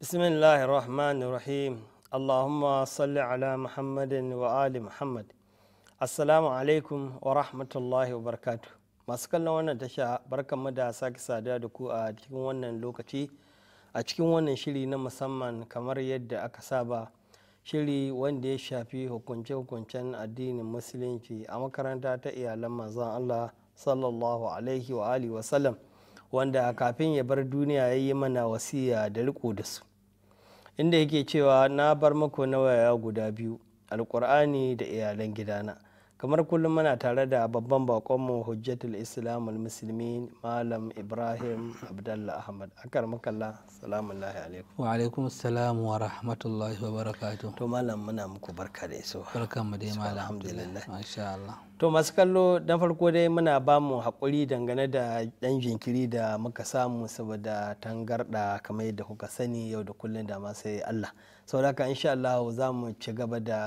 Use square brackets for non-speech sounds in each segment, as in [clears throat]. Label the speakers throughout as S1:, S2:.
S1: بسم الله الرحمن الرحيم اللهم صل على محمد وآل محمد alaikum wa rahmatullahi wa masu kallon wannan tasha barka da sake saduwa da ku a cikin wannan lokaci a cikin wannan shiri na musamman kamar yadda aka saba shiri wanda ya shafi hukunce-hukuncen addinin musulunci a makaranta ta iyalan manzon Allah sallallahu alaihi wa alihi wanda kafin ya bar duniya ya yi mana wasiya da riko da su inda yake cewa na bar muku nawaya guda biyu alkur'ani da iyalan gidana kamar kullum muna tare da babban bakonmu hujjatul islamul musulmi malam ibrahim abdallah ahmad akar makalla salamun lahi alaikum
S2: wa alaikum salam wa rahmatullahi wa barakatu to malam muna muku barka da iso barkan mu dai malam alhamdulillah insha Allah
S1: to masu kallo dan farko dai muna ba mu haƙuri dangane da dan jinkiri da muka samu saboda tangarda kamar yadda kuka sani yau da kullum da ma sai Allah saboda haka insha Allah za mu ci gaba da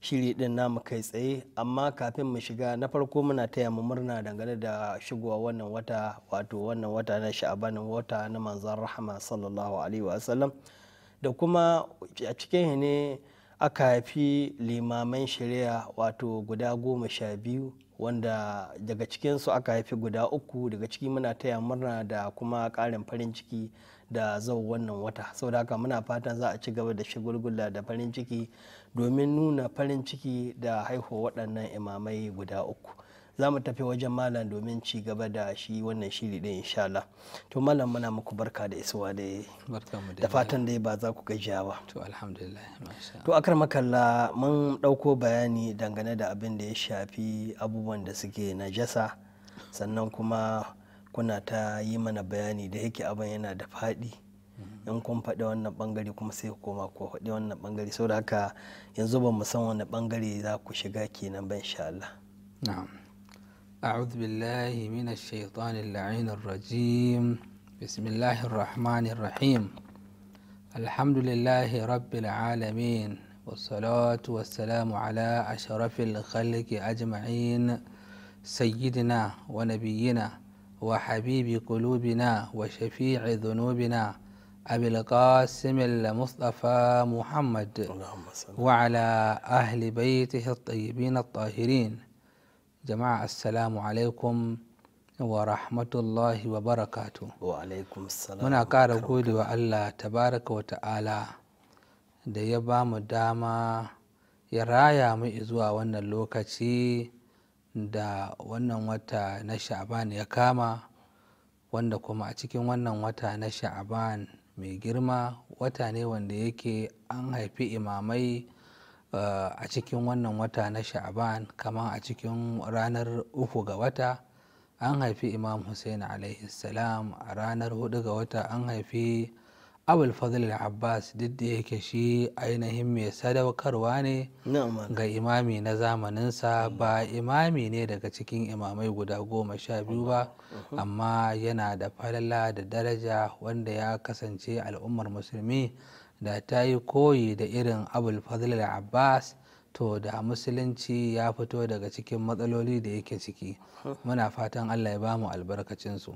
S1: shiri din namu kai tsaye amma kafin mu shiga na farko muna taya mu murna dangane da shigowa wannan wata wato wannan wata na sha'abanin wata na manzan rahama sallallahu alaihi wasallam da kuma a cikin ne aka haifi limaman shari'a wato guda goma sha biyu wanda daga cikinsu aka haifi guda uku daga ciki muna taya murna da kuma karin farin ciki da zau wannan wata saboda haka muna fatan za a ci gaba da shigulgula da farin ciki domin nuna farin ciki da haihuwa waɗannan imamai guda uku za mu tafi wajen malam domin ci gaba da shi wannan shiri ɗin inshallah to malam muna muku barka da isuwa da da fatan dai ba za ku gajiya ba to alhamdulillah to akar makalla mun ɗauko bayani dangane da abin da ya shafi abubuwan da suke najasa sannan kuma kuna ta yi mana bayani da yake abin yana da faɗi in kun faɗi wannan bangare kuma sai ku koma ku faɗi wannan bangare saboda haka yanzu ba mu san wani bangare za ku shiga kenan ba insha Allah na'am
S2: أعوذ بالله من الشيطان اللعين الرجيم بسم الله الرحمن الرحيم الحمد لله رب العالمين والصلاة والسلام على أشرف الخلق أجمعين سيدنا ونبينا وحبيب قلوبنا وشفيع ذنوبنا أبي القاسم المصطفى محمد وعلى أهل بيته الطيبين الطاهرين جماعة السلام عليكم ورحمة الله وبركاته
S1: وعليكم السلام من أقار
S2: قول الله تبارك وتعالى ديبا مداما يرايا مئزوا وانا اللوكتي دا وانا متى نشعبان يكاما وانا كما اتكي وانا متى نشعبان mai girma wata ne wanda yake an haifi imamai eh, a cikin wannan wata na sha'aban kamar a cikin ranar uku ga wata an haifi imam hussein a.s. a ranar hudu ga wata an haifi abul abbas duk da yake shi ainihin mai sadaukarwa ne ga imami na zamaninsa ba imami ne daga cikin imamai guda goma sha biyu ba amma yana da falala da daraja wanda ya kasance al'ummar musulmi da ta yi koyi da irin abul abbas to da musulunci ya fito daga cikin matsaloli da yake ciki muna fatan allah ya bamu albarkacinsu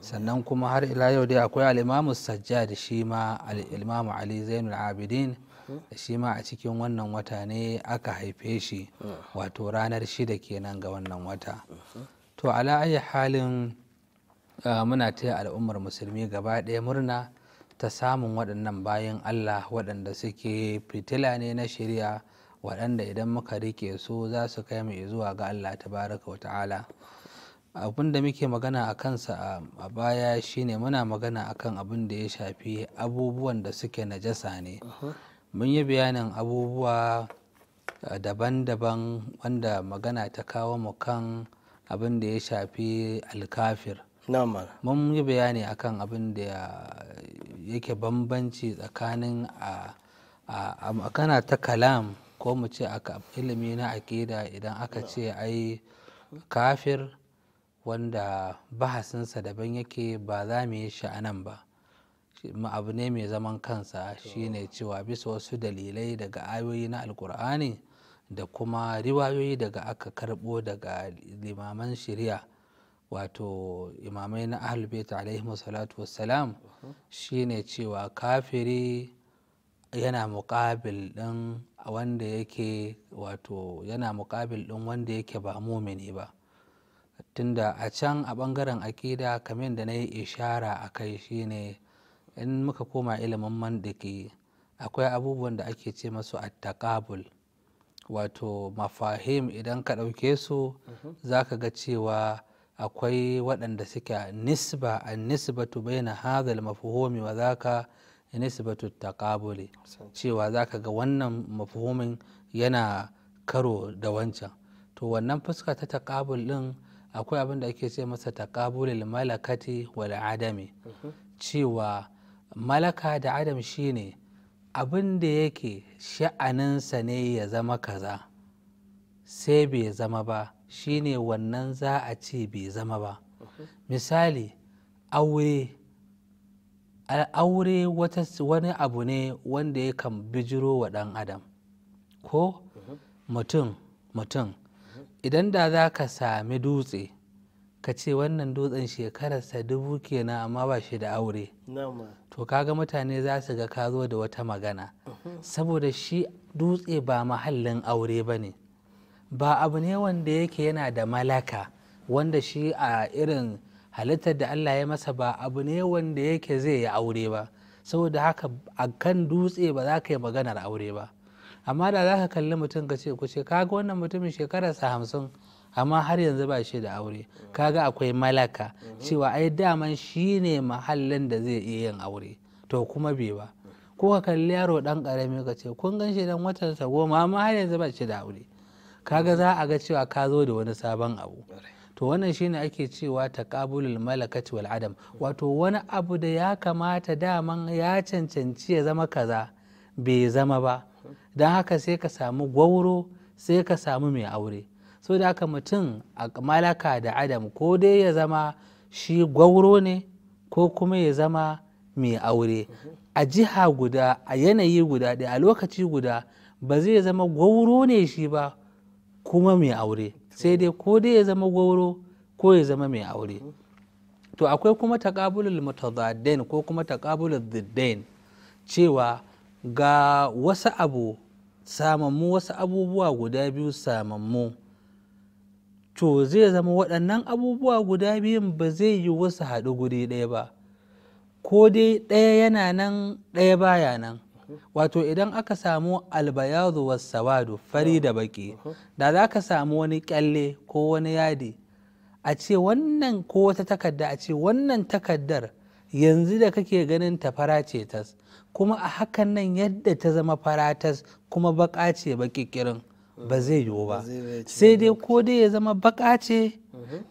S2: sannan kuma har ila yau dai akwai al'imamu sajjad shi ma al'imamu ali zainul abidin shi ma a cikin wannan wata ne aka haife shi wato ranar shida kenan ga wannan wata to ala ayi halin muna taya al'ummar musulmi gaba ɗaya murna ta samun waɗannan bayan allah waɗanda suke fitila ne na shari'a waɗanda idan muka rike su za su kai mu zuwa ga Allah tabaraka wa ta'ala abin da muke magana a kansa a baya shine muna magana akan abin da ya shafi abubuwan da suke najasa ne mun yi bayanin abubuwa daban-daban wanda magana ta kawo mu kan abin da ya shafi alkafir mun yi bayani akan abin da yake bambanci tsakanin a kana ta kalam ko mu ce ilimi na aƙida idan aka ce ai kafir wanda bahasinsa daban yake ba za mu yi shi a nan ba abu ne mai zaman kansa shine cewa bisa wasu dalilai daga ayoyi na alkur'ani da kuma riwayoyi daga aka karbo daga limaman shari'a wato imamai na ahalbeta alaihi salatu wassalam shine cewa kafiri yana muƙabil ɗin wanda yake wato yana muƙabil ɗin wanda yake ba mumini ba tunda a can a ɓangaren aƙida kamar da na yi ishara a kai shine in muka koma ilimin mandiki akwai abubuwan da ake ce masu attaqabul wato mafahim idan ka ɗauke su mm-hmm. zaka ga cewa akwai waɗanda suke nisba an nisbatu baina hadhal mafhumi wa zaka nisbatu taqabuli cewa zaka ga wannan mafhumin yana karo da wancan to wannan fuska ta taqabul din akwai abin da ake ce masa taƙabulin malakati wal adami mhm. cewa malaka da adam shine abin da yake sha'aninsa ne ya zama kaza sai bai zama ba shine wannan za a ce bai zama ba mhm. misali aure aure wani abu ne wanda ya kan bijiro wa ɗan adam ko mutum mutum idan da za ka sami dutse ka ce wannan dutsen shekararsa dubu kenan amma ba shi da aure to kaga mutane za su ga ka zo da wata magana saboda shi dutse ba mahallin aure ba ne ba abu ne wanda yake yana da malaka wanda shi a irin halittar da Allah ya masa ba abu ne wanda yake zai yi aure ba saboda haka a kan dutse ba za ka yi maganar aure ba amma da za ka kalli mutum ka ce ku ce kaga wannan mutumin shekararsa hamsin amma har yanzu ba shi da aure kaga akwai malaka cewa ai daman shi ne mahallin da zai iya yin aure to kuma bai ba ko ka kalli yaro dan karami ka ce kun gan shi dan watan sa goma amma har yanzu ba shi da aure kaga za a ga cewa ka zo da wani sabon abu to wannan shine ake cewa taqabulul malakati wal adam wato wani abu da ya kamata daman ya cancanci ya zama kaza bai zama ba don haka sai ka samu gwauro sai ka samu mai aure so da haka mutum a malaka da adam ko dai ya zama shi gwauro ne ko kuma ya zama mai aure a jiha guda a yanayi guda ɗaya a lokaci guda ba zai zama gwauro ne shi ba kuma mai aure sai dai ko dai ya zama goro ko ya zama mai aure to akwai kuma taqabulul mutadaddain ko kuma taqabulul ziddain cewa ga wasu abu samammu wasu abubuwa guda biyu samammu to zai zama waɗannan abubuwa guda biyun ba zai yi wasu haɗu guri ɗaya ba ko dai ɗaya yana nan ɗaya baya nan wato idan aka samu albayazu wasawadu fari da baki da za ka samu wani kyalle ko wani yadi a ce wannan ko wata takarda a ce wannan takardar yanzu da kake ganin ta fara ce tas kuma a hakan nan yadda ta zama fara tas kuma baka ce baki kirin ba zai yiwu ba sai dai ko dai ya zama baka ce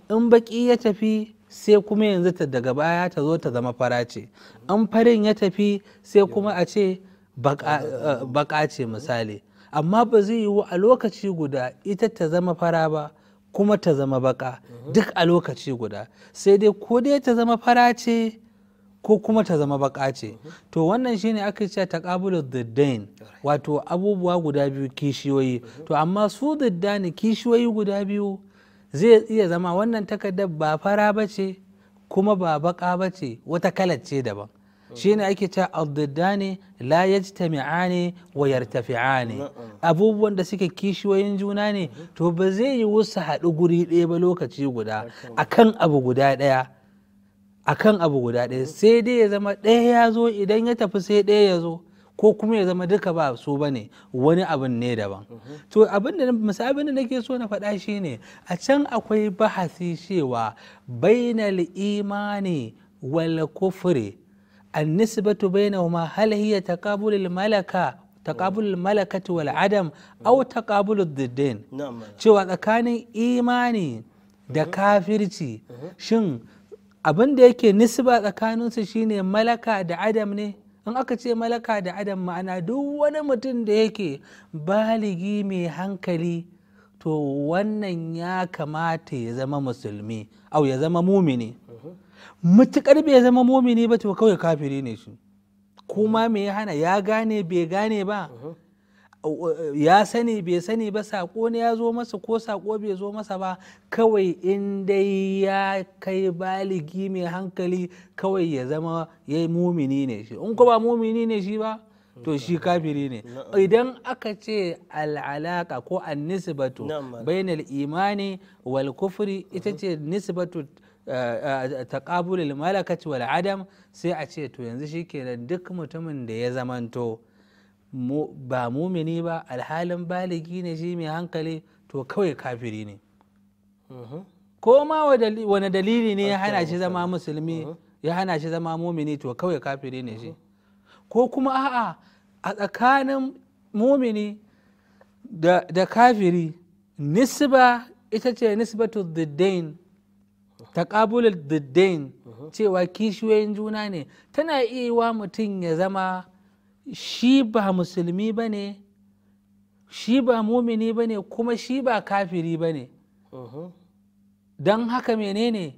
S2: in baki ya tafi sai kuma yanzu ta daga baya ta zo ta zama fara ce in farin ya tafi sai kuma a ce baka eh, ce misali amma ba zai yiwu a lokaci guda ita ta zama fara ba kuma ta zama baka duk a lokaci guda sai dai ko dai ta zama fara ce ko kuma ta zama baka ce to wannan shine aka ce ta kabulu diddain wato abubuwa guda biyu kishiyoyi to amma su diddani kishiyoyi guda biyu zai iya zama wannan takardar ba fara ba ce kuma ba baka ba ce wata kalar ce daban shine ake ta addiddani la yajtami'ani wa yartafi'ani abubuwan da suke kishiyoyin juna ne to ba zai yi wasu haɗu guri ɗaya ba lokaci guda akan abu guda ɗaya akan abu guda ɗaya sai dai ya zama ɗaya ya zo idan ya tafi sai ɗaya ya zo ko kuma ya zama duka ba su ba ne wani abin ne daban mhm. to abin da misali da nake so na faɗa shi ne a can akwai bahasi cewa bainal imani wal kufri annisbatu bainahuma hal hiya taqabulul malaka taqabulul malakati wal adam aw taqabulud diddin cewa tsakanin imani da kafirci shin abin da yake nisba tsakaninsu shine malaka da adam ne in aka ce malaka da adam ma'ana duk wani mutum da yake baligi mai hankali to wannan ya kamata ya zama musulmi au ya zama mumini mutukar bai zama momini ba to kawai kafiri ne shi kuma mm-hmm. me ya hana ya gane bai gane ba mm-hmm. ya sani bai sani ba sako ne ya zo masa ko sako bai zo masa ba kawai in dai ya kai baligi mai hankali kawai ya zama ya yi mumini ne shi in ko ba mumini ne shi ba to mm-hmm. shi kafiri ne idan aka ce al'alaka ko nisbatu bainal imani wal kufri ita ce nisbatu taqabulil malakati wal adam sai a ce to yanzu shikenan duk mutumin da ya zamanto ba mumini ba alhalin baligi ne shi mai hankali to kawai kafiri ne mhm. ko ma wani dalili ne ya hana shi zama musulmi mhm. ya hana shi zama mumini to kawai kafiri ne shi mhm. ko kuma a'a a tsakanin mumini da kafiri nisba ita ce nisbatu diddain taqabulul daddain uh-huh. cewa kishiyoyin juna ne tana iya wa mutum ya zama shi ba musulmi ba ne shi ba mumini ba ne kuma shi ba kafiri ba ne uh-huh. don haka menene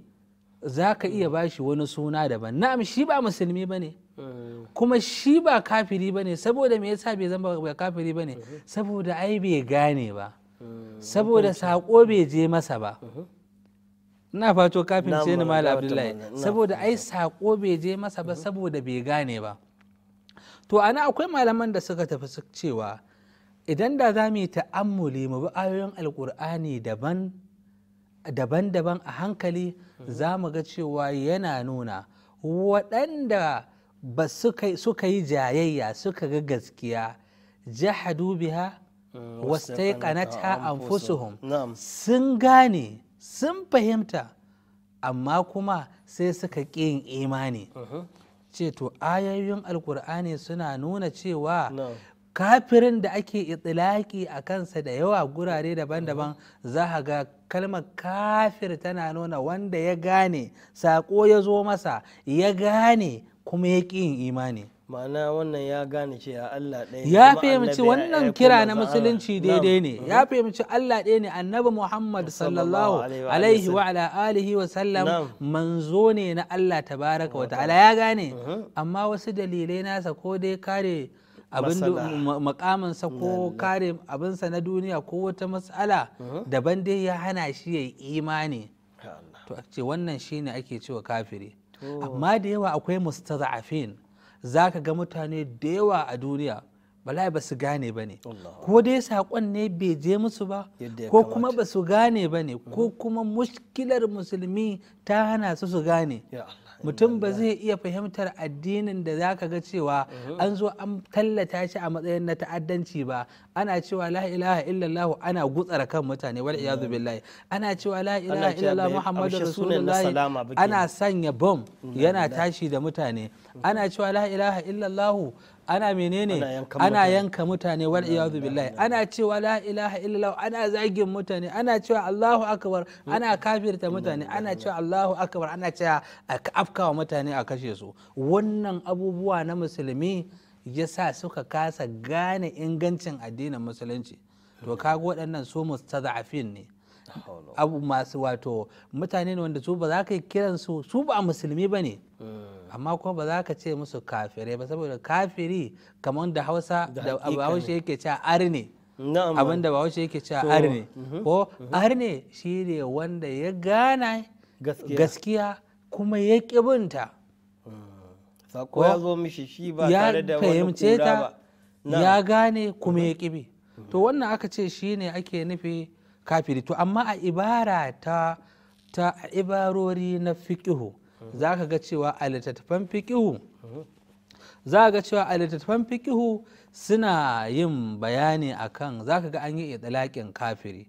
S2: za ka iya bashi wani suna daban na'am shi ba musulmi ba ne uh-huh. kuma shi ba kafiri ba ne saboda me yasa bai zama ba kafiri ba ne saboda ai bai gane ba uh, saboda sako bai je masa ba ina fato kafin ce ni malam abdullahi saboda ai sako bai je masa ba mhm. saboda bai gane ba to ana akwai malaman da suka tafi cewa idan da za mu yi ta'ammuli mu bi ayoyin alkur'ani daban daban a hankali mhm. za mu ga cewa yana nuna waɗanda ba suka yi jayayya suka ga gaskiya jahadu biha
S1: mm, wastaiqanatha anfusuhum
S2: sun gane sun fahimta amma kuma sai suka ƙi yin imani uh-huh. Ceto, to ayoyin alkur'ani suna nuna cewa kafirin da ake itilaki a kansa da yawa gurare daban-daban uh-huh. za a ga kalmar kafir tana nuna wanda ya gane saƙo ya zo masa ya gane kuma ya ƙi yin imani
S1: ma'ana wannan ya gane cewa Allah ɗaya ya fahimci wannan kira na musulunci daidai ne mhm. ya
S2: fahimci Allah ɗaya ne annabi Muhammad sallallahu alaihi wa alihi wa sallam manzo ne na Allah tabaraka wa ta'ala ya gane mhm. amma wasu dalilai nasa ko dai kare
S3: abin
S2: sa ko kare abin sa na duniya ko wata matsala mhm. daban dai ya hana shi yayi imani to ce wannan shine ake cewa kafiri amma da yawa akwai mustaza'afin za ka ga mutane da yawa a duniya bala ba su gane ba ne ko dai saƙon ne bai je musu ba ko kuma ba su gane ba ne ko mhm. kuma muskilar musulmi ta hana su su gane mutum ba zai iya fahimtar addinin da za ka ga cewa mm-hmm. an zo an tallata shi a matsayin na ta'addanci ba ana cewa la ilaha illallah ana gutsara kan mutane wal mm-hmm. iyadu billahi ana cewa la ilaha illallah muhammadu rasulullahi ana sanya bom yana tashi da mutane ana cewa la ilaha illallah ana menene ana yanka mutane wal iyadu billahi ana cewa la ilaha illallah ana zagin mutane ana cewa Allahu akbar ana kafirta mutane ana cewa Allahu akbar ana cewa afkawa mutane a kashe su wannan abubuwa na musulmi yasa suka kasa gane ingancin addinin musulunci to kaga waɗannan su mustazafin ne abu masu wato mutane ne wanda su ba za ka kiransu su ba musulmi ba ne mm. amma kuma ba za ka ce musu kafire ba saboda kafiri kamar da hausa da bahaushe yake a arne abin da bahaushe yake a arne mhm. ko mhm. arne shi ne wanda ya gana gaskiya kuma ya kibinta hmm.
S1: sako ya zo mishi shi ba tare da wani kura
S2: ba ya gane kuma ya kibi mhm. to wannan aka ce shi ne ake nufi kafiri to amma a ibara ta ta ibarori na fiƙihu za ka ga cewa a littattafan fiƙihu za ga cewa a littattafan fiƙihu suna yin bayani akan za ka ga an yi itilaƙin kafiri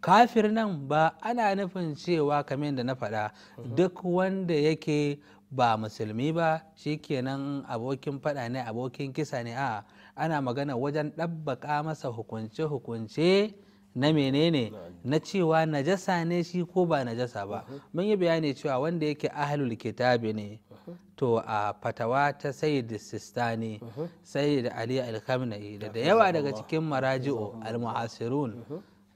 S2: kafir nan ba ana nufin cewa kamar da na faɗa duk wanda yake ba musulmi ba shikenan abokin faɗa ne abokin kisa ne a ana magana wajen ɗabbaka masa hukunce-hukunce na menene na cewa najasa ne shi ko ba najasa ba mun yi bayani cewa wanda yake ahlul kitabi ne to a fatawa ta sayyid sistani sayyid ali al da da yawa daga cikin maraji'u al-mu'asirun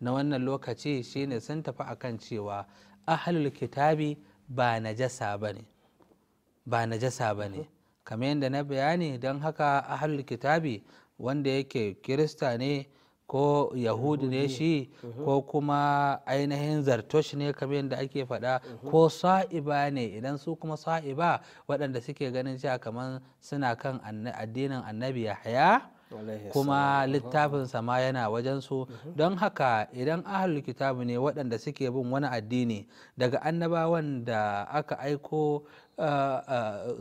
S2: na wannan lokaci shine sun tafi akan cewa ahlul kitabi ba najasa bane ba najasa bane kamar yadda na bayani don haka ahlul kitabi wanda yake kirista ne ko yahudi ne shi ko mhm. kuma ainihin zartosh ne kamar yadda ake faɗa mhm. ko sa'iba ne idan su kuma sa'iba waɗanda suke ganin cewa kamar suna kan addinin annabi yahaya
S1: kuma littafinsa
S2: ma yana wajen su mhm. don haka idan ahalul kitabu ne waɗanda suke bin wani addini daga annabawan da aka aiko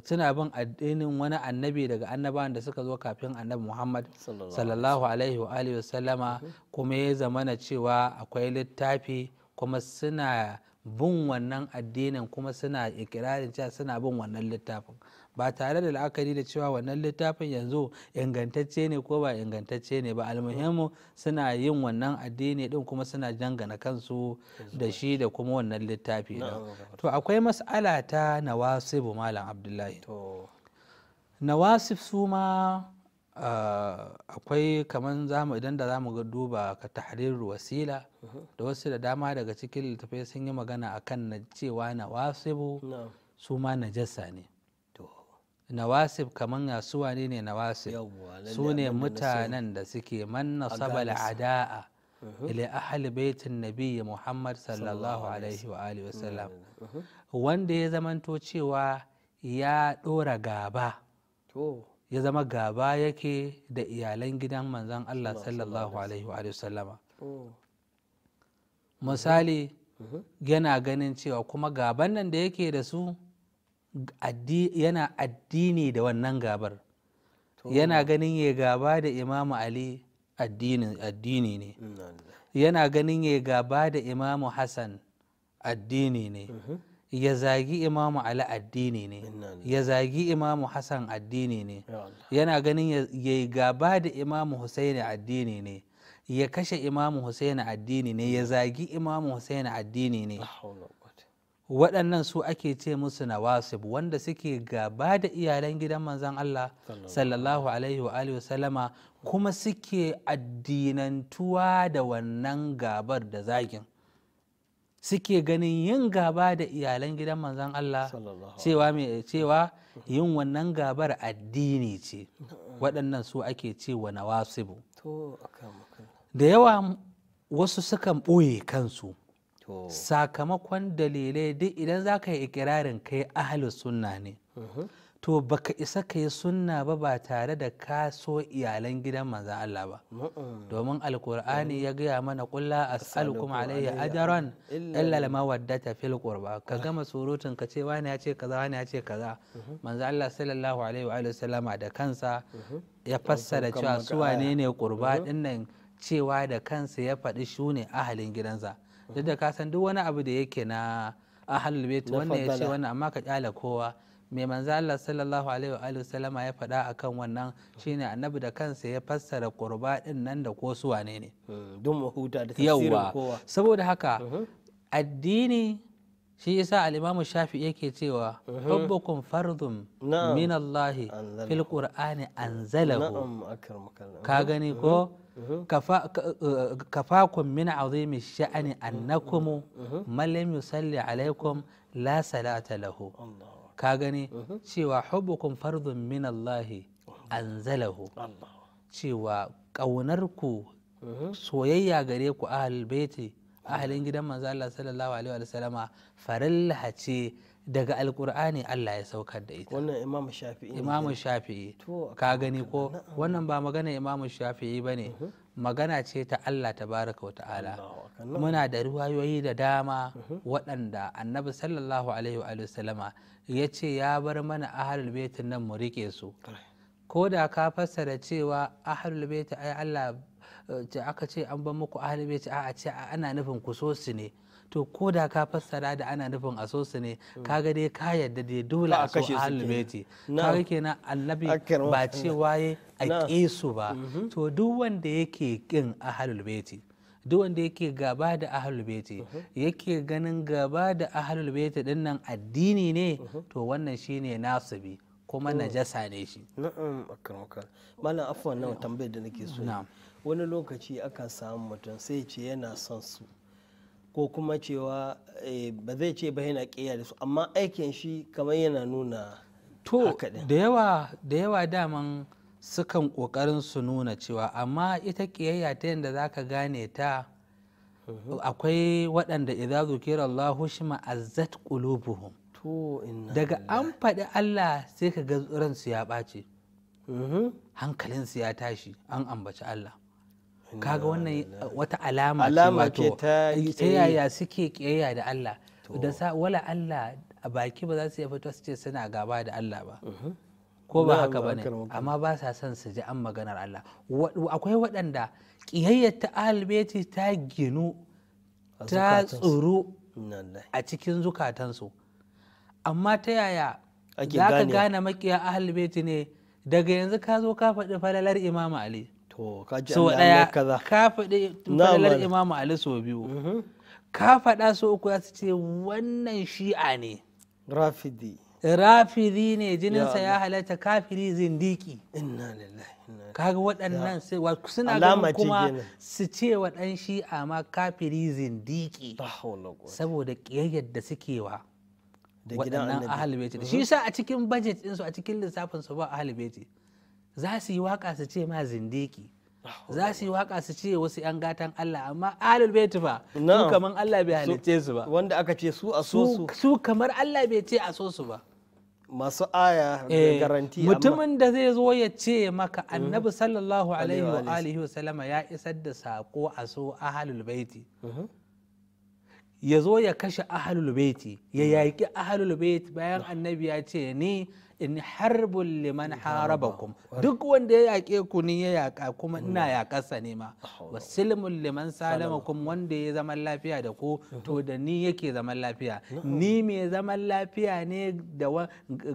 S2: suna bin addinin wani annabi daga annabawan da suka zo kafin annabi muhammad sallallahu alaihi wa sallama mhm. kuma ya zamana cewa akwai littafi kuma suna bin wannan addinin kuma suna ikirarin cewa suna bin wannan littafin ba tare da la'akari da cewa wannan littafin yanzu ingantacce ne ko ba ingantacce ne ba almuhimmu suna yin wannan addini din kuma suna jangana kansu da shi da kuma wannan littafi to akwai mas'ala ta nawasibu malam abdullahi nawasif su ah, akwai kamar zamu idan da zamu ga duba ka tahrir wasila da wasu da dama daga cikin littafai sun yi magana akan na cewa nawasibu suma ma najasa ne nawasif kaman ya su wane ne nawasib su ne mutanen da suke manna sabal ada'a uh-huh. ila ahli baitin nabiyyi muhammad sallallahu alaihi wa alihi sallam uh-huh. wanda ya zamanto cewa ya dora gaba ya zama gaba yake da iyalan gidan manzan allah sallallahu alaihi wa alihi misali uh-huh. yana ganin cewa kuma gaban nan da yake da su yana addini da wannan gabar yana ganin ya gaba da imamu ali addini ne yana ganin ya gaba da imamu hassan addini ne mhm. ya zagi imamu ali addini ne ya zagi imamu hassan addini ne yana ganin ya gaba da imamu husaini addini ne ya kashe imamu husaini addini ne ya zagi imamu husaini addini ne waɗannan su ake ce musu nawasib wanda suke gaba da iyalan gidan manzan Allah sallallahu alaihi wa alihi wasallama kuma suke addinantuwa da wannan gabar da zagin suke ganin yin gaba da iyalan gidan manzan Allah cewa mai cewa yin wannan gabar addini ce waɗannan su ake ce wa nawasibu da yawa wasu sukan ɓoye kansu sakamakon dalilai duk idan za ka yi ikirarin kai ahli sunna ne mhm. to baka isa ka yi sunna ba ba tare da ka so iyalan gidan manzan Allah ba domin alkur'ani ya gaya mana kulla as'alukum alayhi ajran
S1: illa lama
S2: waddata fil qurba ka gama surutun ka ce wani ya ce kaza wani ya ce kaza mhm. manzan Allah sallallahu alaihi wa sallama da kansa mhm. ya fassara cewa su wane ne qurba dinnan cewa da kansa ya faɗi shune ahalin gidansa duk da ka san duk wani abu da yake na ahalul bait wannan ya ce wannan amma ka kyala kowa mai manzo Allah sallallahu alaihi wa alihi sallama ya faɗa akan wannan shine annabi da kansa ya fassara qurba din nan da ko su wane ne hmm, duk mahuta da tafsirin kowa saboda haka mhm. addini shi yasa al-imam shafi yake cewa mhm. hubbukum fardun min Allah fil qur'ani anzalahu
S1: ka gani mhm. ko
S2: كفاكم من عظيم الشأن أنكم من لم يصلي عليكم لا صلاة له كاغني شوى حبكم فرض من الله أنزله شوى كونركو سويا غريكو أهل البيت أهل إنجدام صلى الله عليه وسلم فرل هاتشي daga alkur'ani Allah ya saukar da ita wannan imam shafi'i imam shafi'i ka gani ko wannan ba magana imam shafi'i bane mhm. magana ce ta Allah tabaraka wa ta'ala muna da ruwayoyi da dama mhm. waɗanda annabi sallallahu alaihi wa sallama ya ce ya bar mana ahlul baitin nan mu rike su ko da ka fassara cewa ahlul baiti ai Allah ce aka ce an ban muku ahli bai ce a ce ana nufin ku so su ne to ko da ka fassara da ana nufin a so su ne hmm. ka ga dai ka yadda dai dole a so ahli ka ga kenan annabi ba ce waye a kesu ba mhm. to duk wanda yake kin ahlul baiti duk wanda yake gaba da ahlul baiti mhm. yake ganin gaba da ahlul baiti dinnan addini ne mhm. to wannan shine nasibi kuma hmm. najasa ne
S1: shi na'am malam afwan nan tambayar da nake so wani lokaci akan samu mutum sai ce yana son su ko kuma cewa eh, ba zai ce ba yana ƙiyar da su amma aikin shi kamar yana nuna
S2: to da yawa da yawa daman sukan ƙoƙarin su nuna cewa amma ita ƙiyayya ta yadda za ka gane ta mhm. akwai waɗanda idza zukira Allah shima azzat qulubuhum daga an faɗi Allah sai ka ga ransu ya hankalin mhm. hankalinsu ya tashi an ambaci Allah kaga wannan wata alama ce wato ta yaya suke kiyayya da Allah da wala Allah a baki ba za su fito su ce suna gaba da Allah ba mhm. ko ba haka ba ne amma ba sa son su ji an maganar Allah akwai waɗanda kiyayyar ta albeti ta ginu ta tsoro a cikin zukatansu amma ta yaya za ka gane makiya ahalbeti ne daga yanzu ka zo ka faɗi falalar imama ali to ka so daya ka faɗi falalar imamu ali so biyu mm-hmm. ka faɗa so uku ya ce wannan shi'a ne rafidi rafidi ne jininsa ya halatta kafiri zindiki inna lillahi kaga waɗannan sai suna ganin kuma su ce wa ɗan shi'a ma kafiri zindiki saboda ƙiyayyar da suke wa waɗannan ahalibeti. shi mm-hmm. sa a cikin bajet ɗinsu a cikin lissafinsu ba ahalibeti. za su yi waka su ce ma zindiki ah, za su yi waka su ce wasu 'yan gatan Allah amma
S1: alul bai tufa su kamar Allah bai halicce su ba wanda aka ce su a so su
S2: su kamar Allah bai ce a so su ba masu
S1: aya eh, garanti mutumin
S2: da zai zo ya ce maka mhm. annabi sallallahu alaihi wa alihi wa sallama ya isar da sako a so ahlul baiti mhm. ya zo ya kashe ahlul baiti ya mhm. yaƙi ahlul baiti bayan annabi ya ce ni in harbun liman harabakum duk wanda ya yaƙe ku ni ya yaƙa kuma ina mm. yaƙarsa ne ma wasilmun liman salamakum wanda ya zaman lafiya da ku mm-hmm. to da ni yake zaman lafiya ni mai zaman lafiya ne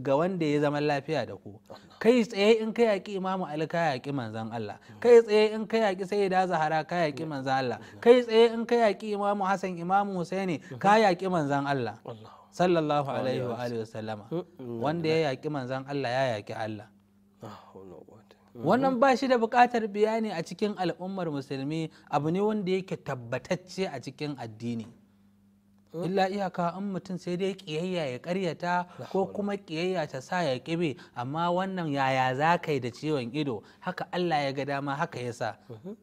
S2: ga wanda ya zaman lafiya da ku kai tsaye in ka yaƙi imamu ali ka yaƙi manzan Allah mm. kai tsaye in ka yaƙi sai da zahara ka yaƙi manzan Allah kai tsaye in ka yaƙi imamu hasan imamu husaini mm-hmm. ka yaƙi manzan Allah sallallahu alaihi wa alihi wasallama mm, wanda ya yaƙi manzan Allah ya yaƙi Allah
S1: ah, wannan
S2: ba shi da buƙatar bayani a cikin al'ummar musulmi abu ne wanda yake tabbatacce a cikin addini eh? illa iyaka in mutum sai dai ƙiyayya ya ƙaryata, ko kuma ƙiyayya ta sa ya kibe amma wannan yaya za ka yi da ciwon ido haka Allah ya ga dama haka ya sa mhm.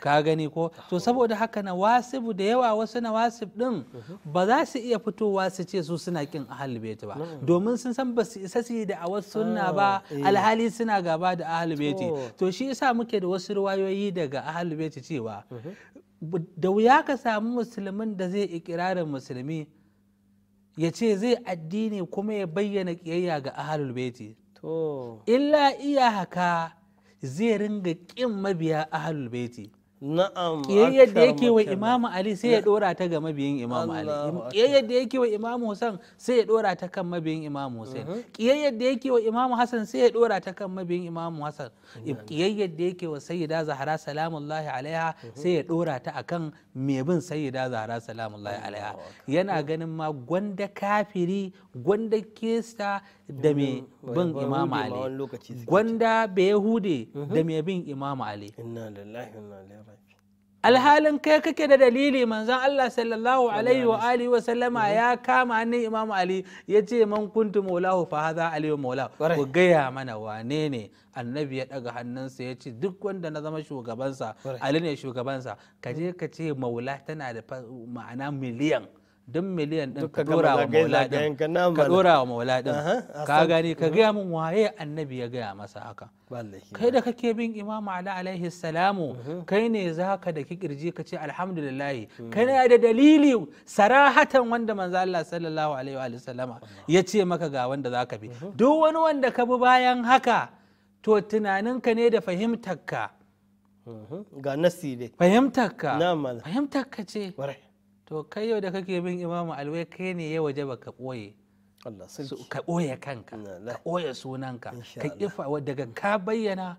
S2: ka gani ko to saboda haka na wasibu da yawa wasu na wasib din mhm. ba za su iya fitowa su ce su suna kin ahal baiti ba domin sun san ba su isa su yi da a wasu sunna ah, ba eh. alhali suna gaba da ahal baiti to shi yasa muke da wasu ruwayoyi daga ahal baiti cewa
S1: mhm.
S2: da wuya ka samu musulmin da zai ikirarin musulmi ya ce zai addini kuma ya bayyana kiyayya ga ahalul illa iya haka zai ringa ƙin mabiya ahlul baiti na'am kiyayyar da yake wa imamu ali sai ya dora ta ga mabiyin imamu ali mhm. kiyayyar da yake wa imamu husan sai ya dora ta kan mabiyin imamu husain kiyayyar da yake wa imamu Hassan sai ya dora ta kan mabiyin mhm. imamu Hassan. kiyayyar da yake wa sayyida zahra salamullahi alaiha mhm. sai ya dora ta akan mai bin sayyida zahra salamullahi alaiha yana ganin ma gwanda kafiri gwanda kista da mai bin imam ali gwanda bai hude da mhm. mai bin imam ali alhalin kai kake da dalili manzon Allah sallallahu alaihi wa alihi wa sallama mhm. ya kama hannun Imam Ali ya ce man kuntu maulahu fa hadha aliyu maula ku gaya mana wane ne annabi ya daga hannunsa ya ce duk wanda na zama shugabansa Ali ne shugabansa ka je ka ce maula tana da ma'ana miliyan duk miliyan ɗin ka dora wa maula ɗin? ka dora wa maula ɗin? ka gani ka gaya min waye annabi ya gaya masa haka kai da kake bin imamu ala alaihi salamu kai ne zaka da ki kirji ka ce alhamdulillah hmm. kai ne da dalili sarahatan wanda manzo Allah sallallahu alaihi wa sallama ya ce maka ga wanda zaka bi duk wani wanda ka bi bayan haka to tunaninka ne da fahimtarka ga nasi ne fahimtarka fahimtarka ce to kai yau da kake bin imamu alwai kai ne ya waje ba ka ɓoye ka ɓoye kanka ka ɓoye sunanka ka ƙifa daga ka bayyana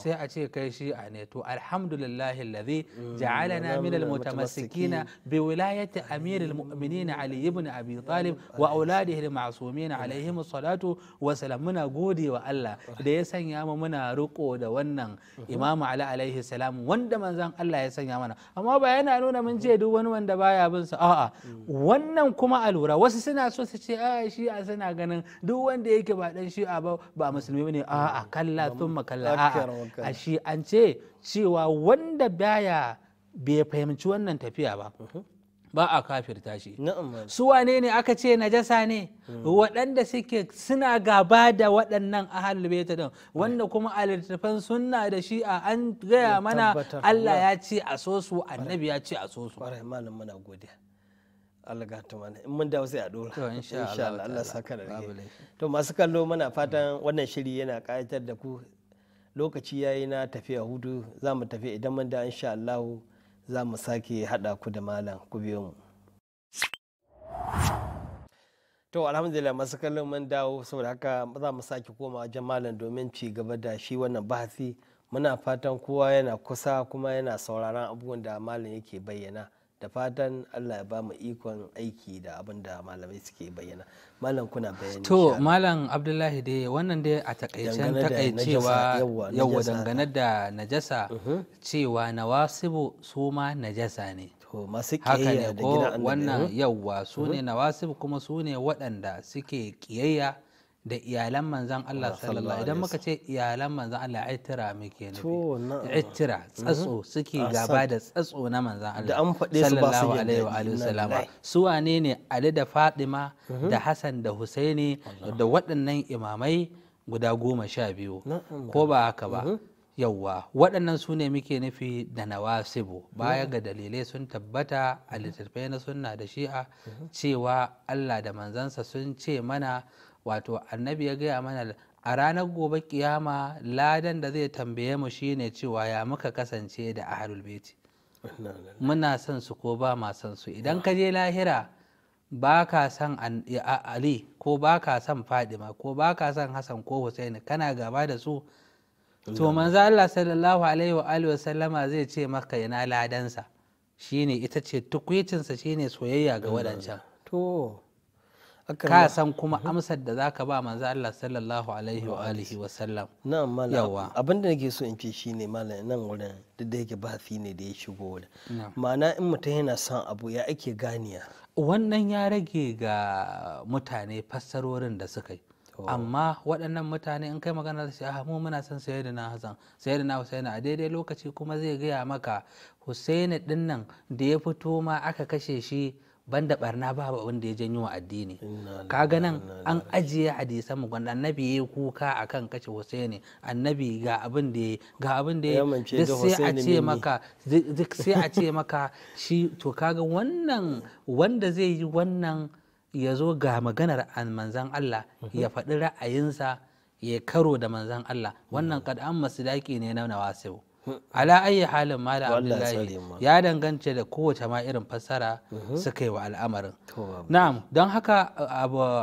S2: sai a ce kai shi a ne to alhamdulillah alladhi mm, ja'alana min almutamassikina bi wilayati amir almu'minin ali ibn abi talib wa auladihi almasumin alaihim salatu wa salam muna gode wa Allah da ya sanya mu muna riko da wannan mhm. imam ali alaihi salam wanda manzon Allah ya sanya mana amma ba yana nuna mun ce duk wani wanda baya bin sa a'a mm. wannan kuma alura wasu suna so su ce a shi a suna ganin duk wanda yake ba dan shi'a ba ba musulmi bane a'a kalla thumma kalla a'a a shi an ce cewa wanda baya bai fahimci wannan tafiya ba mm-hmm. ba a kafirta shi su wane ne aka ce najasa ne mm. waɗanda suke suna gaba da waɗannan a halibeta din wanda kuma a littattafan suna da shi a an gaya mana Allah ya
S1: ce a so su annabi ya ce a so su malam muna godiya Allah ga ta mana in mun dawo sai a dora to insha Allah Allah saka da to masu kallo muna fatan wannan shiri yana kayatar da ku lokaci ya yi na tafiya hudu za mu tafi idan mun da insha Allah za mu sake hada ku da malam ku biyo mu to alhamdulillah masu kallon mun dawo saboda haka za mu sake koma wajen malam domin ci gaba da shi wannan bahasi muna fatan kowa yana kusa kuma yana sauraron abubuwan da malam yake bayyana da fatan allah ya ba mu ikon aiki da abin da malamai suke bayyana malam kuna bayani to
S2: malam abdullahi dai wannan dai a takaicen takaicewa yawa dangane da najasa mhm. cewa nawasibu su ma najasa ne
S1: Haka ne ko wannan mhm. yawa su ne mhm.
S2: nawasib kuma su ne waɗanda suke kiyayya da iyalan manzan Allah sallallahu idan muka ce iyalan manzan Allah ittira muke nufi ittira mm-hmm. tsatso suke gaba da tsatso na manzan Allah sallallahu alaihi wa alihi sallama su wane ne Ali da Fatima mm-hmm. da Hassan da Husaini da waɗannan imamai guda goma sha biyu ko ba haka ba mm-hmm. yauwa waɗannan su ne muke nufi da nawasibu baya ga dalilai sun tabbata a littattafai na sunna da shi'a cewa Allah da manzansa sun ce mana wato annabi ya gaya mana a ranar gobe kiyama ladan da zai tambaye mu shine cewa ya muka kasance da ahlul baiti muna son su ko ba ma son su idan ka je lahira ba ka son ali ko ba ka son fadima ko ba ka son hasan ko husaini kana gaba da su to manzo Allah sallallahu alaihi wa alihi wa sallama zai ce maka yana ladansa shine ita ce tukwicinsa shine soyayya ga wadancan
S1: to ka san
S2: kuma mhm. amsar da zaka ba manzo Allah sallallahu alaihi wa alihi wa sallam
S1: na'am malam abin da nake so in ce shine malam nan wurin duk da yake fi ne da ya shigo wurin ma'ana in mutum yana son abu ya ake ganiya
S2: wannan ya rage ga mutane fassarorin da suka yi oh. amma waɗannan mutane in kai magana da shi a mu muna son sayyidina Hassan sayyidina Husaina a daidai lokaci kuma zai gaya maka Husaini dinnan da ya fito ma aka kashe shi banda barna ba wanda ya janyo addini kaga nan an ajiye hadisan mu gwanda annabi ya kuka akan kace Husaini annabi ga abin da ga abin da duk sai a ce maka duk sai a ce maka shi to kaga wannan wanda zai yi wannan ya zo ga maganar manzan Allah mhm. ya faɗi ra'ayinsa ya karo da manzan Allah wannan kad an masu ne na nawasiu ala ayi halin malam abdullahi ya danganta da kowace ma irin fassara mhm. suka yi wa al'amarin na'am don haka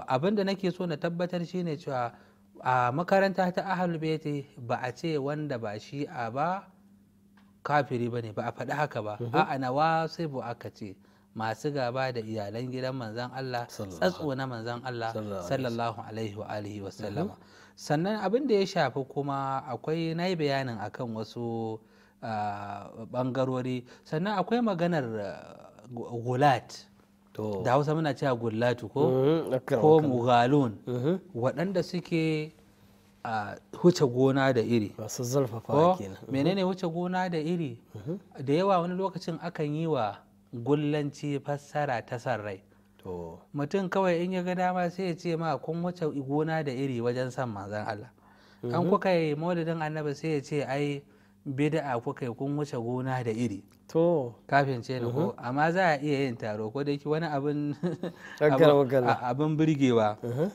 S2: abin da nake so na tabbatar shine cewa a makaranta ta ahlul baiti ba a ce wanda ba shi a ba kafiri ba ne ba a faɗi haka ba mhm. a'a na sai bu aka ce masu gaba da iyalan gidan manzan Allah tsatso na manzan Allah sallallahu alaihi wa alihi wa sallama mhm. sannan abin da ya shafi kuma akwai na yi bayanin akan wasu bangarori sannan akwai maganar gulat da hausa muna cewa gulatu ko mm-hmm. mughalun mm-hmm. waɗanda suke huce gona da
S1: iri masu mm-hmm. menene
S2: huce gona da iri da yawa wani lokacin akan yi wa gullanci fassara ta san rai mutum kawai in ya ga dama sai ya ce ma kun wuce gona da iri wajen san manzan Allah an mm-hmm. kuka yi maudadin annabi sai ya ce ai bid'a kuka yi kun wuce gona da iri to kafin ce ko mm-hmm. amma za a iya yin taro ko da wani abin [laughs] abin birgewa mm-hmm.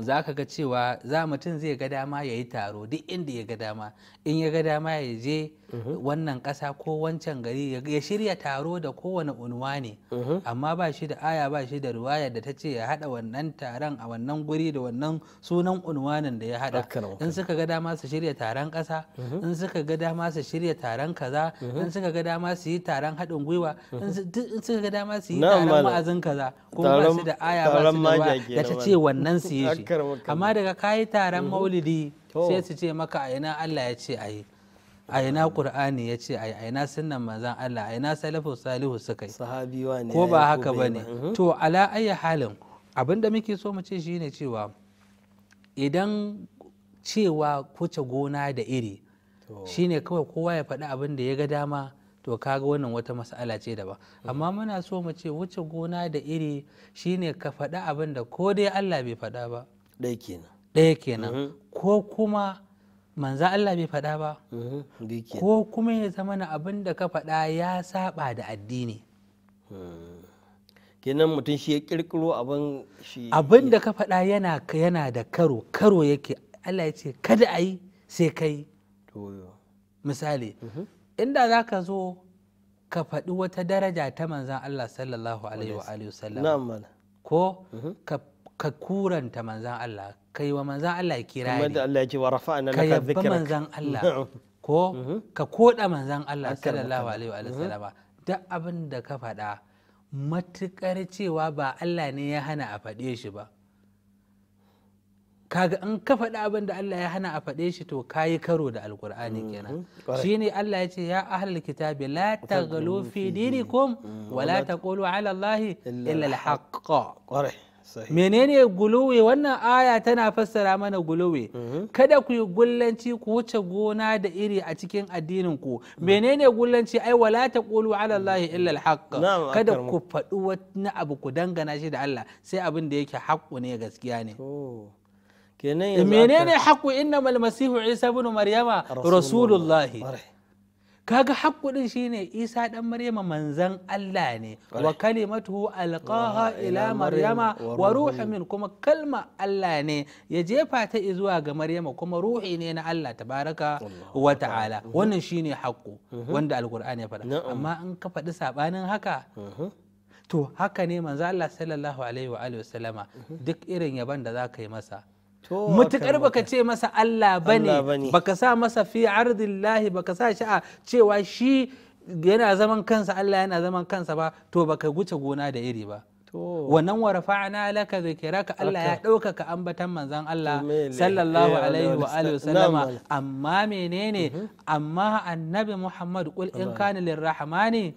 S2: za ka ga cewa za mutum zai ga dama ya yi taro duk inda ya ga dama in ya ga dama ya je mhm. wannan ƙasa ko wancan gari ya shirya taro da kowane unwa ne mhm. amma ba shi da aya ba shi da ruwaya da ta ce ya haɗa wannan taron a wannan guri da wannan sunan unwanin da ya haɗa in suka ga dama su shirya taron ƙasa mhm. in suka ga dama su shirya taron kaza in suka ga dama su yi taron haɗin gwiwa in suka ga dama su yi taron ma'azin kaza kuma ba su da aya ba su da da ta ce wannan su yi shi amma daga kayi taron mhm. maulidi sai su ce maka a ina Allah ya ce a yi a ina qur'ani ya ce a ina sunnan manzon Allah a ina salafu salihu suka yi ko ba haka bane mhm. to ala ayi halin abinda muke so mu ce shine cewa idan cewa kuce gona da iri shine kawai kowa ya faɗi abin da ya ga dama to kaga wannan wata mas'ala ce daban mhm. amma muna so mu ce wuce gona da iri shine ka faɗi abin da ko dai Allah bai faɗa ba ɗaya kenan ɗaya kenan mhm. ko kuma manza Allah bai faɗa ba mhm. ko kuma ya zama na abin da ka faɗa ya saba da addini
S1: kenan mutum shi ya kirkiro abin shi abin
S2: da ka faɗa yana yana da karo karo yake Allah ya ce kada a yi sai kai misali mhm. inda za ka zo ka faɗi wata daraja ta manzan Allah sallallahu alaihi wa sallam ko ka ka kuranta manzan Allah kai wa manzan Allah kira ne
S1: Allah ya wa rafa'na laka dhikrak ka manzan Allah
S2: ko mhm. ka koda manzan Allah sallallahu alaihi wa mhm. sallama duk abin da ka faɗa matukar cewa ba Allah ne ya hana a faɗe shi ba kaga in ka faɗi abin da Allah ya hana a faɗe shi to kayi karo da alkur'ani mhm, kenan shine Allah ya ce ya ahlul kitabi la taghlu fi dinikum wa la taqulu ala Allah illa al-haqq menene guluwe wannan aya tana fassara mana guluwe mm-hmm. kada ku yi gullanci ku wuce gona da iri a cikin addinin ku mm-hmm. menene gullanci ai wala qulu ala allahi illa alhaq kada ku faɗi wani abu ku dangana shi da Allah sai abin da yake haƙƙu ne gaskiya ne menene haƙƙu innamal masihu isa ibn maryama rasulullahi kaga hakku din shine isa dan maryama manzan allah ne wa kalimatuhu alqaha ila maryama wa ruhun min kuma kalma allah ne ya jefa ta zuwa ga maryama kuma ruhi ne na allah tabaraka wa ta'ala mhm. wannan shine hakku mhm. wanda alqur'ani ya faɗa amma in ka faɗi saɓanin haka mhm. to haka ne manzo allah sallallahu alaihi wa alihi wasallama duk irin yaban da za ka yi masa
S1: mutukar
S2: baka ce masa Allah bane baka sa masa fi ardillahi baka sa shi a cewa shi yana zaman kansa Allah yana zaman kansa ba to baka guce gona da iri ba
S1: wannan
S2: wa rafa'na laka dhikraka Allah ya ɗaukaka ambatan manzon Allah eh, sallallahu alaihi wa alihi wasallama amma menene mhm. amma annabi Muhammad qul in kana lirrahmani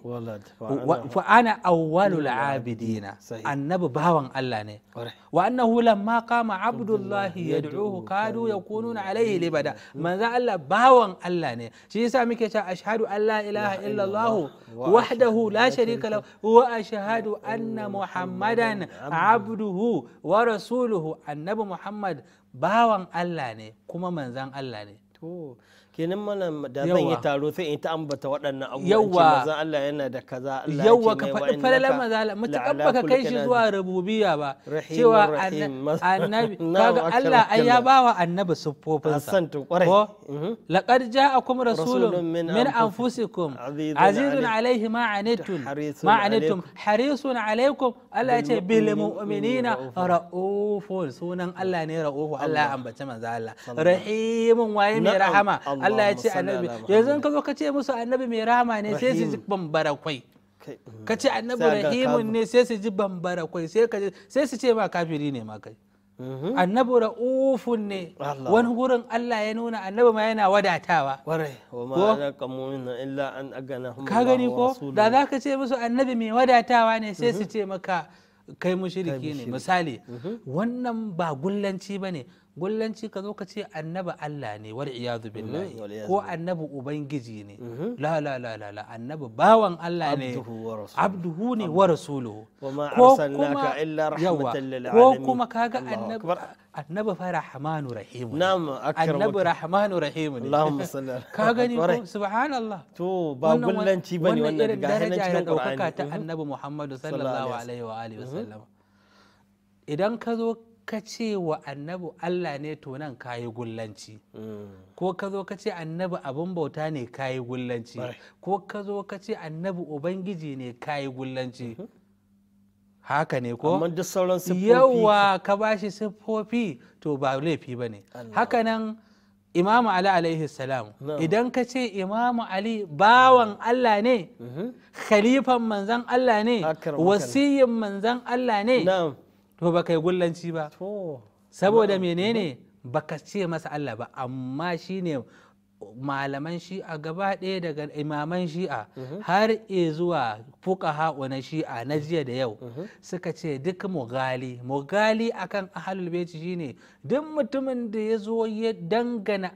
S2: fa ana awwalul abidina annabi bawan Allah ne wa annahu lamma qama abdullahi yad'uhu kadu yakununa alaihi libada manzon Allah bawan Allah ne shi yasa muke cewa ashhadu an la ilaha illallah وحده لا شريك له وأشهد أن محمدا عبده ورسوله النبي محمد باوان الله ne kuma manzan Allah ne to
S1: kenan mana da zan yi taro sai in ta ambata waɗannan abubuwan manzon Allah yana da kaza Allah yawa ka faɗi falalar baka kai shi zuwa
S2: rububiyya ba cewa annabi [laughs] kaga Allah ai ya bawa annabi siffofin sa asantu mhm. laqad ja'akum rasulun min anfusikum azizun alaihi ma anittum ma anittum harisun Allah ya ce bil mu'minina raufun sunan Allah ne raufu Allah ya ambaci manzon Allah rahimun waye mai rahama Allah ya ce annabi yanzu ka zo ka ce musu annabi mai rama eh, ne sai su ji bambara kwai ka ce annabi rahimun ne sai su ji bambara kwai sai su ce ma kafiri ne ma kai mhm. annabi ra'ufun ne wani gurin Allah ya nuna annabi ma yana
S1: wadatawa ka gani ko da za
S2: ka ce musu annabi mai wadatawa ne sai su mhm. ce maka kai mushiriki ne misali mhm. wannan ba gullanci ba ne gullanci ka zo ka ce annabi Allah ne wal iyadu billahi ko annabi ubangiji ne la la la la la annabi bawan Allah ne abduhu ne wa rasuluhu ko kuma illa rahmatan lil alamin ko kuma kaga annabi annabi fa rahmanu rahim na'am annabi rahmanu rahim ne Allahumma salli ala ka gani ko subhanallah to ba gullanci bane wannan ga hanan cikin Qur'ani ta annabi Muhammad sallallahu alaihi wa alihi wasallam idan ka zo ka ce wa annabi Allah ne to nan kayi gullanci ko ka zo ka ce annabi abin bauta ne kayi gullanci ko ka zo ka ce annabi ubangiji ne kayi gullanci haka ne ko yawa ka bashi siffofi to ba laifi ba ne haka nan imamu ali alaihi salam idan ka ce imamu ali bawan allah ne mhm. khalifan manzan allah ne wasiyin manzan allah ne to baka yi gullanci ba saboda menene baka ce masa Allah ba amma shine malaman shi'a gaba ɗaya daga imaman shi'a mhm. har e zuwa fuka na shi'a na jiya da yau mhm. suka ce duk mugali mugali akan ahalul beci shine duk mutumin da ya zo ya dangana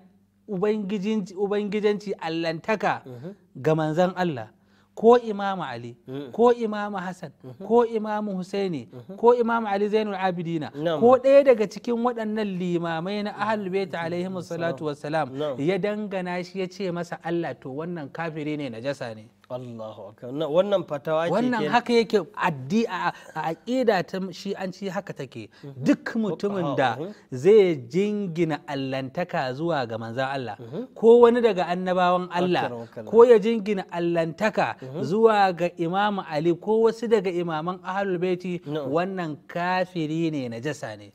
S2: ubangijanci allantaka mhm. ga manzan Allah ko imamu ali mm. ko imamu hassan mm-hmm. ko imamu husaini mm-hmm. ko imamu ali zainul abidina ko ɗaya daga cikin waɗannan limamai na ahal baita alaihi salatu wassalam ya dangana shi ya ce masa allah to wannan kafiri ne najasa ne wannan fatawa ce wannan haka yake addi a aqida ta ci haka take mhm. duk mutumin da mhm. zai jingina allantaka zuwa ga manzan Allah mhm. ko wani daga annabawan Allah ko ya jingina allantaka zuwa ga Imam Ali ko wasu daga imaman Ahlul Baiti wannan kafiri ne najasa ne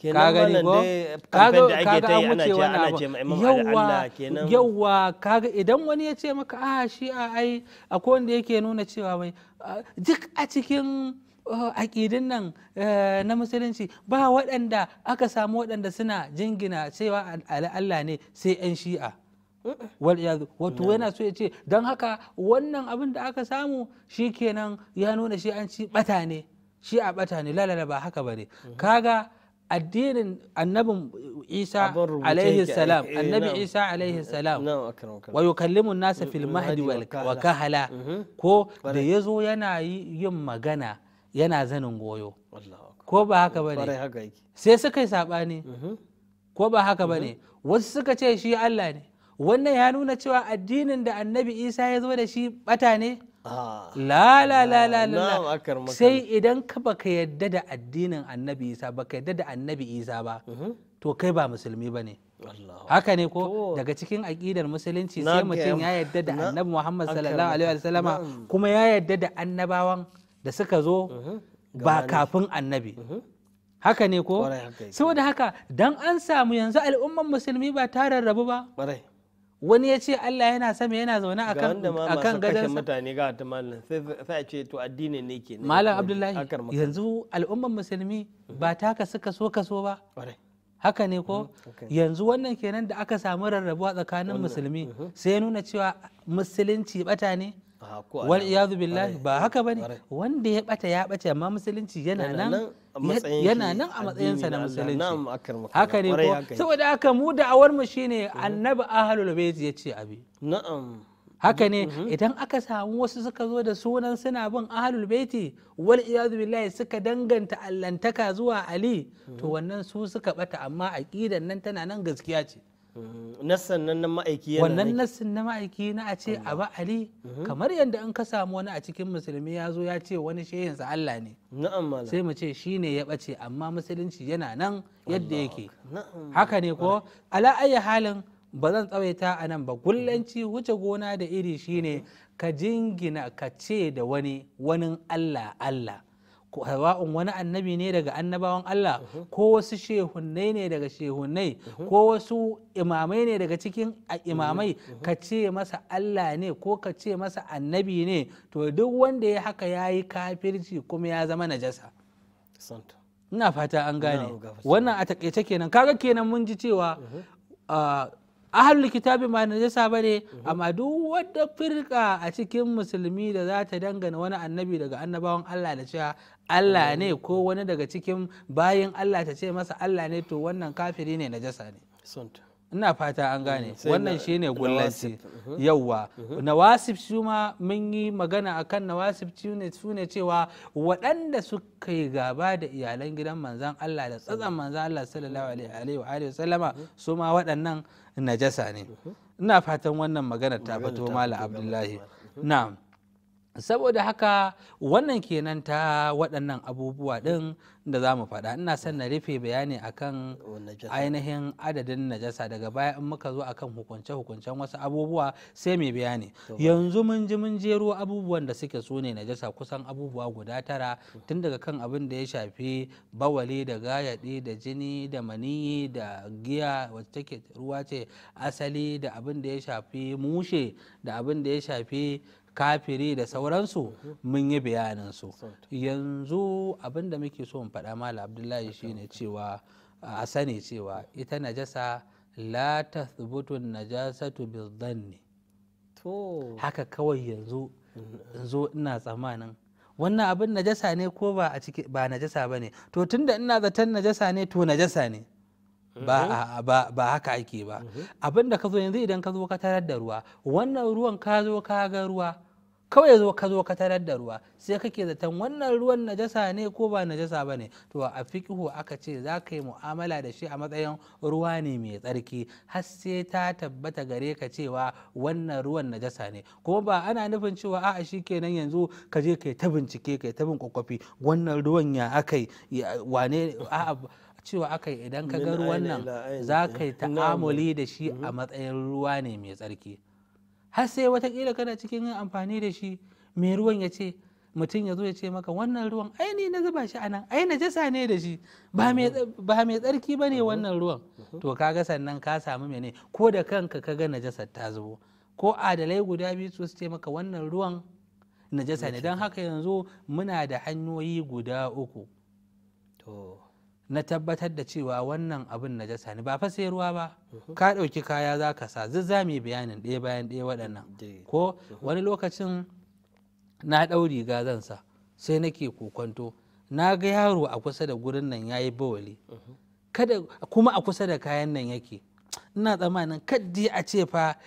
S1: kenan wannan dai kamfen da ake ta yi
S2: yawa kaga idan wani ya ce maka a ah, shi a ah, ai akwai wanda yake nuna cewa mai ah, duk a cikin oh, aƙidin nan eh, na musulunci ba waɗanda aka samu waɗanda suna jingina cewa Allah ne sai 'yan shi'a wato yana so ya ce don haka wannan abin da aka samu shi kenan ya nuna shi an ci bata ne shi a bata ne lalala ba haka ba ne mm-hmm. kaga addinin annabin isa alaihi salam eh, annabi isa alaihi
S1: salam wa
S2: yukallimu nasa fil mahdi wa kahala mm-hmm. ko da ya zo yana yin magana yana zanin goyo ko ba haka bane sai suka yi saɓani mm-hmm. ko ba haka ba mm-hmm. wasu suka ce shi allah ne wannan ya nuna cewa addinin da annabi isa ya zo da shi bata ne Ah. la la la la la sai idan ka baka yadda da addinin annabi isa baka yadda da annabi isa ba mhm. to kai ba musulmi ba ne haka ne ko daga cikin aƙidar musulunci sai mutum ya yadda da annabi muhammad sallallahu alaihi wasallama kuma ya yadda da annabawan da suka zo mhm. ba kafin annabi mhm. haka ne ko saboda haka dan an samu yanzu al'umman musulmi ba ta rarrabu ba wani ya ce Allah yana sama yana zaune a kan gadon sa
S1: mutane ga ta malam sai a ce to addini ne ke malam Abdullahi yanzu al'umman
S2: musulmi ba taka suka so kaso ba haka ne ko mhm, yanzu wannan kenan da aka samu rarrabuwa tsakanin musulmi mhm. sai nuna cewa musulunci bata ne
S1: wal iyadu billahi ba haka bane
S2: wanda ya bata ya bace amma musulunci yana nan yana nan a matsayinsa na musulunci
S1: haka ne ko
S2: saboda haka mu da'awar mu shine mhm. annabi ahlul bait ya ce abi na'am haka ne mhm. idan aka samu wasu suka zo da sunan suna bin ahlul baiti wal iyad billahi suka danganta allantaka zuwa ali to mhm. wannan su suka bata amma aqidan nan tana nan gaskiya ce
S1: Mm-hmm. nassan nan na ma'aiki yana wannan
S2: nassin na ma'aiki na a ce a ali mm-hmm. kamar yadda in ka samu wani a cikin musulmi ya zo ya ce wani sa Allah ne sai mu ce shine ya bace amma musulunci yana nan yadda yake haka ne ko ala ayi halin ba zan tsawaita a nan ba gullanci wuce gona da iri shine mm-hmm. ka jingina ka ce da wani wani Allah Allah hawa'un wani annabi ne daga annabawan Allah uh-huh. ko wasu shehunnai ne daga shehunnai uh-huh. ko wasu imamai ne daga cikin imamai uh-huh. ka ce masa Allah ne ko ka ce masa annabi ne to duk wanda ya haka ya yi kafirci kuma ya zama najasa ina fata an gane wannan a takaice kenan kaga kenan mun ji cewa ahalul kitabi ma najasa ba ne amma duk wadda firka a cikin musulmi da za ta dangana wani annabi daga annabawan Allah da cewa Allah ne ko wani daga cikin bayin Allah ta ce masa Allah ne to wannan kafiri ne na jasa ne ina fata an gane mm, wannan shi ne gullanci mm-hmm. yauwa mm-hmm. nawasif shi ma mun yi magana akan nawasif su ne cewa waɗanda suka yi gaba da iyalan gidan manzan Allah da tsatsan manzan Allah sallallahu alaihi wa sallama mm-hmm. su ma waɗannan najasa ne ina fatan wannan magana ta fito mala abdullahi na'am saboda haka wannan kenan ta waɗannan abubuwa ɗin da za mu faɗa ina son na rufe bayani akan ainihin adadin najasa daga baya in muka zo akan hukunce hukuncen wasu abubuwa sai mai bayani yanzu mun ji mun jero abubuwan da suke so ne najasa kusan abubuwa guda tara tun daga kan abin da ya shafi bawali da gayaɗi da jini da maniyi da giya wacce take ruwa ce asali da abin da ya shafi mushe da abin da ya shafi kafiri da sauransu mun yi bayaninsu yanzu abin da muke so mu faɗa mala abdullahi shine cewa a sani cewa ita najasa la ta najasatu bizdanni haka kawai yanzu yanzu mm-hmm. ina tsammanin wannan abin najasa ne ko ba najasa ba ne to tunda ina zaton najasa ne to najasa ne
S1: Mhm.
S2: ba haka ake ba mhm. abin da ka zo yanzu idan ka zo ka tarar da ruwa wannan ruwan ka zo ka ga ruwa kawai zo ka zo ka tarar da ruwa sai kake zaton wannan ruwan najasa ne ko ba najasa ba ne to a fiƙihu aka ce za ka yi mu'amala da shi a matsayin ruwa ne mai tsarki har sai ta tabbata gare ka cewa wannan ruwan najasa ne kuma ba ana nufin cewa a'a kenan yanzu ka je ka yi ta bincike ka yi ta bin kwakwafi wannan ruwan ya yi wane a'a cewa aka idan ka ga ruwan nan za ka yi ta'amuli da shi a mm-hmm. matsayin ruwa ne mai tsarki har sai watakila kana cikin yin amfani da shi mai ruwan ya ce mutum ya zo ya ce maka wannan ruwan aini na zuba shi anan ai na jasa ne da shi ba mai mm-hmm. tsarki ba ne mm-hmm. wannan ruwan to kaga sannan ka samu mene ko da kanka ka ga najasar ta zubo ko adalai guda biyu su ce maka wannan ruwan najasa ne don haka yanzu muna da hanyoyi guda uku na tabbatar da cewa wannan abin najasa ne ba fa sai ruwa ba ka ɗauki kaya za ka sa zai mu bayanin ɗaya bayan ɗaya waɗannan ko wani lokacin na ɗau riga zan sa sai nake kokonto na ga yaro a kusa da gurin nan ya yi bawali kuma a kusa da kayan nan yake ina tsammanin kaddi a ce fa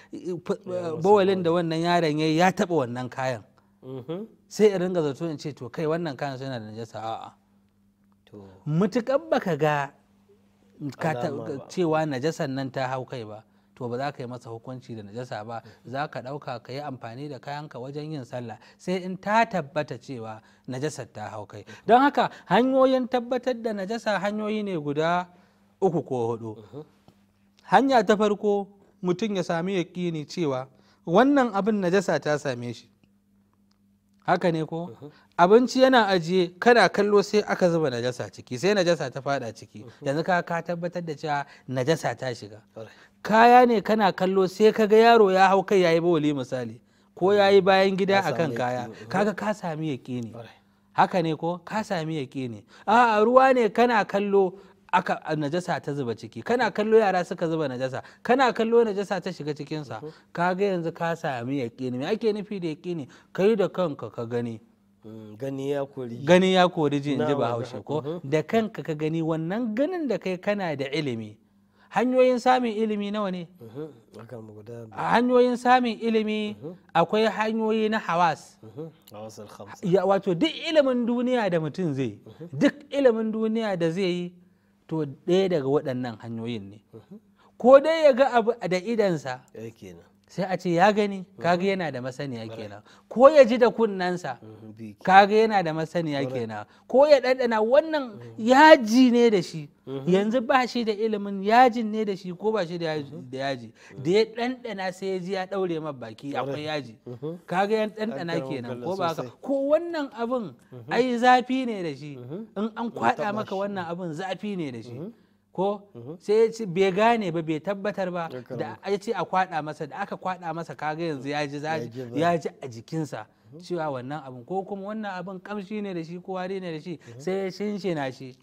S2: bawalin da wannan yaron ya ya taɓa wannan kayan mm-hmm. sai in ringa zato in ce to kai wannan kayan suna da najasa a'a mutuƙar baka ga cewa najasan nan ta hau kai ba to ba za ka yi masa hukunci da najasa ba za ka ɗauka ka yi amfani da kayanka wajen yin sallah sai in ta tabbata cewa najasar ta hau kai don haka hanyoyin tabbatar da najasa hanyoyi ne guda uku ko hudu hanya ta farko mutum ya sami yaƙini cewa wannan abin najasa ta same shi haka ne ko abinci yana ajiye kana kallo sai aka zuba najasa ciki sai najasa ta fada ciki yanzu ka ka tabbatar da cewa najasa ta shiga kaya ne kana kallo sai ka ga yaro ya hau kai yayi bawali misali ko yayi bayan gida akan kaya kaga ka sami ne haka ne ko ka sami ne a'a ruwa ne kana kallo aka najasa ta zuba ciki kana kallo yara suka zuba najasa kana kallo najasa ta shiga cikinsa mhm. kaga yanzu ka sami yaƙini me ake nufi da yaƙini kai da kanka ka gani gani ya kori gani ya kori ji inji ba haushe ko mhm. da kanka ka gani wannan ganin da kai kana da ilimi hanyoyin samun ilimi nawa ne
S1: mhm. a
S2: hanyoyin samun ilimi akwai hanyoyi na hawas wato duk ilimin duniya da mutum zai duk ilimin duniya da zai yi to ɗaya daga waɗannan hanyoyin ne ko dai ya ga abu da idansa sai a ce ya gani mhm. kaga yana da masaniya kenan ko ya ji da kunnansa mhm, kaga yana da masaniya kenan ko ya ɗanɗana wannan mhm. yaji ne da shi yanzu ba shi da ilimin yajin ne da shi ko ba shi da yaji da ya ɗanɗana sai ya ji ya ɗaure ma baki akwai yaji kaga 'yan ɗanɗana kenan ko ba ko wannan abin ai zafi ne da shi in an kwaɗa maka wannan abin zafi ne da shi ko mhm. sai ya ce bai gane ba bai tabbatar ba da ya ce a kwada masa da aka kwada masa kaga yanzu ya ji ya ji a jikinsa mhm. cewa wannan abin ko kuma wannan abin kamshi ne da shi ko wari ne da shi mhm. sai ya na shi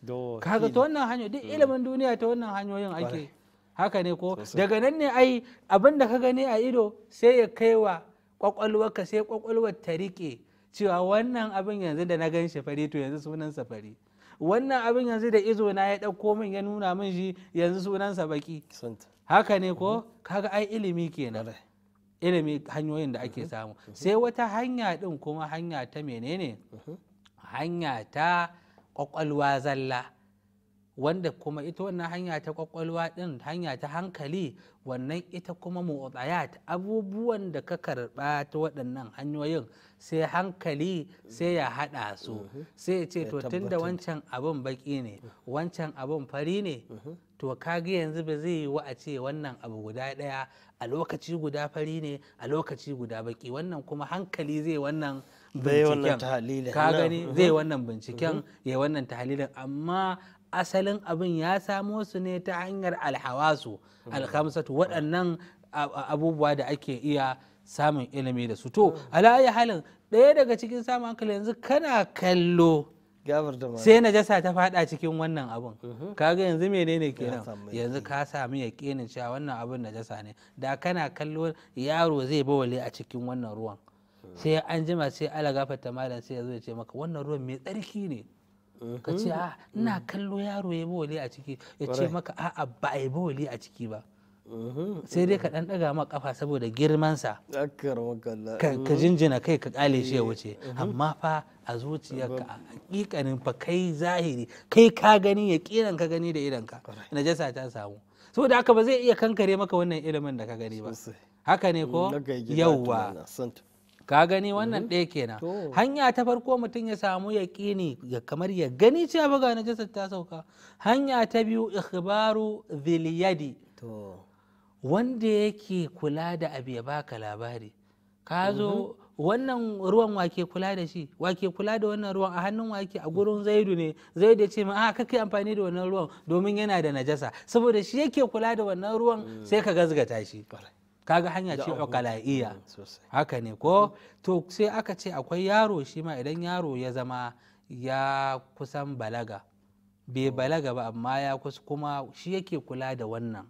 S2: kaga ta wannan hanyo duk mm. ilimin duniya ta wannan hanyoyin ake haka ne ko daga nan ne ai abin da ka gani a ido sai ya kaiwa kwakwalwarka sai kwakwalwar ta rike cewa wannan abin yanzu da na gan shi fari to yanzu sunan safari fari wannan abin yanzu da izo na ya ɗauko min ya nuna min shi yanzu sunansa baki haka ne ko mhm. kaga ai ilimi kenan ilimi hanyoyin da ake mhm. samu mhm. sai wata hanya din kuma hanya ta menene hanya ta kwakwalwa zalla wanda kuma ita wannan hanya ta kwakwalwa din hanya ta hankali wannan ita kuma mu'udayat abubuwan da ka karba ta waɗannan hanyoyin sai hankali sai ya haɗa su mm-hmm. sai ya ce to da wancan abin baki ne mm-hmm. wancan abin fari ne mm-hmm. to kage yanzu ba zai yi a ce wannan abu guda ɗaya a lokaci guda fari ne a lokaci guda baki wannan kuma hankali zai wannan binciken ka gani zai wannan binciken ya wannan tahalilin amma asalin abin ya samo su ne ta hanyar alhawasu hmm. alhamsatu waɗannan abubuwa da ake iya samun ilimi da su to hmm. ala'ayi halin ɗaya daga cikin samun hankali yanzu kana kallo sai na jasa ta fada cikin wannan abun mm-hmm. kaga yanzu menene kenan yanzu ka sami ya kenin cewa wannan abun na jasa ne da kana kallo yaro zai bawale a cikin wannan ruwan hmm. sai an jima sai ala gafata malam sai ya zo ya ce maka wannan ruwan mai tsarki ne ka ce a ah, ina kallo yaro ya bawali a ciki ya ce maka a'a ba a yi bawali a ciki ba sai dai ka dan daga ma kafa saboda girmansa
S1: ka jinjina kai ka
S2: kale shi ya eh, wuce amma fa a zuciyarka a hakikanin fa kai zahiri kai ka gani ya kiran ka gani da idanka najasa ta samu saboda haka ba zai iya kankare maka wannan ilimin da ka gani ba haka ne ko yauwa ka gani wannan mhm. ɗaya kenan hanya ta farko mutum ya samu ya ya kamar ya gani cewa na jasa ta sauka hanya ta biyu ikhbaru ziliyadi wanda yake kula da abu ya baka labari ka zo mhm. wannan ruwan wake kula da shi wake kula da wannan ruwan a hannun wake a gurin zaidu ne zaidu ya ce ma ah, a kai amfani da wannan ruwan domin yana da najasa saboda shi yake kula da wannan ruwan mm. sai ka gazgata shi kaga hanya ce uqala'iyya haka ne ko to sai aka ce akwai yaro shi ma idan yaro ya zama ya kusan balaga bai oh. balaga ba amma ya kusa kuma shi yake kula da wannan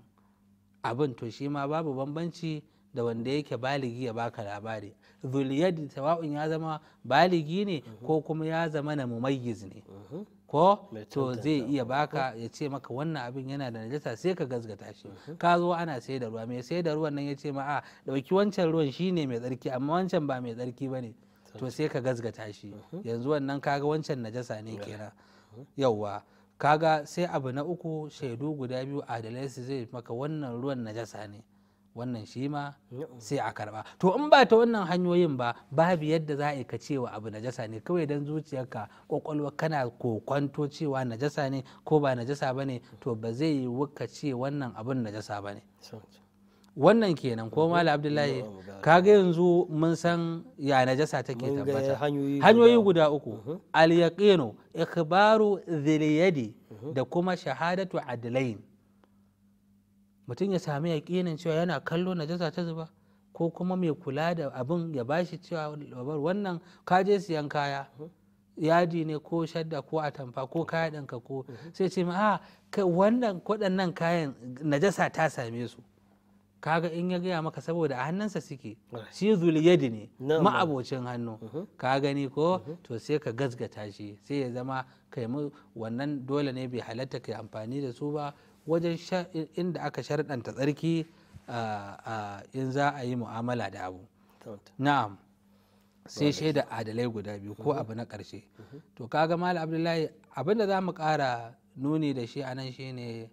S2: abin to shi ma babu bambanci da wanda yake baligi ya baka labari zuliyar tawa'un ya zama baligi ne mm-hmm. ko kuma ya zama na mumayyiz ne mm-hmm. ko to zai iya baka ya ce maka wannan abin yana da najasa sai ka gazgata shi mm-hmm. ka zo ana sai da ruwa mai sai da ruwan nan ya ce ma a dauki wancan ruwan shine mai tsarki amma wancan ba mai tsarki ba ne to sai ka gazgata shi mm-hmm. yanzu wannan kaga wancan najasa ne kenan mm-hmm. yauwa kaga sai abu na uku shaidu guda biyu adalai su zai maka wannan ruwan najasa ne wannan shi ma sai a karba to in ba ta wannan hanyoyin ba babu yadda za a ka cewa abu najasa ne kawai dan zuciyarka kwakwalwa kana kokwanto cewa najasa ne ko ba najasa ba ne to ba zai yi wuka ce wannan abun najasa ba ne wannan kenan ko mala abdullahi kaga mm-hmm. yanzu mun san ya najasa take tabbata
S3: hanyoyi
S2: guda uku mm-hmm. al yaqinu ikhbaru dhil yadi mm-hmm. da kuma shahadatu adlain mutum ya sami yaƙinin cewa yana kallo na najasa ta zuba ko kuma mai kula da abin ya bashi cewa wannan ka je siyan kaya yadi ne ko shadda ko atamfa ko kaya ɗinka ko sai ce ma a ah, wannan waɗannan kayan najasa ta same su kaga in ya gaya maka saboda a hannunsa suke shi yadi ne ma'abocin hannu mm-hmm. ka gani ko mm-hmm. to sai ka gazgata shi sai ya zama kai mu wannan dole ne bai halatta kai amfani da su ba wajen inda aka sharɗanta tsarki in za a yi mu'amala da abu na'am sai shaida adalai guda biyu ko mm-hmm. abu na ƙarshe mm-hmm. to kaga malam abdullahi abinda da za mu ƙara nuni da shi a nan ne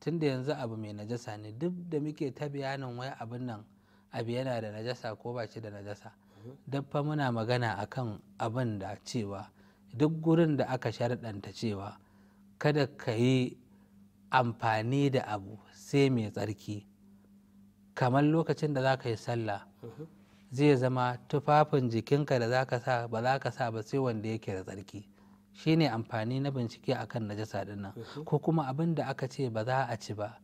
S2: tun da yanzu abu mai najasa ne duk da muke ta bayanin wai abin nan abu yana da najasa ko ba shi da najasa mm-hmm. fa muna magana akan abin da cewa duk gurin da aka sharɗanta cewa kada ka yi amfani da abu sai mai tsarki kamar lokacin da za ka yi sallah zai zama tufafin jikinka da za ka sa ba za ka sa ba sai wanda yake da tsarki shine amfani na bincike akan najasa dinnan ko kuma abin da aka ce ba za a ci ba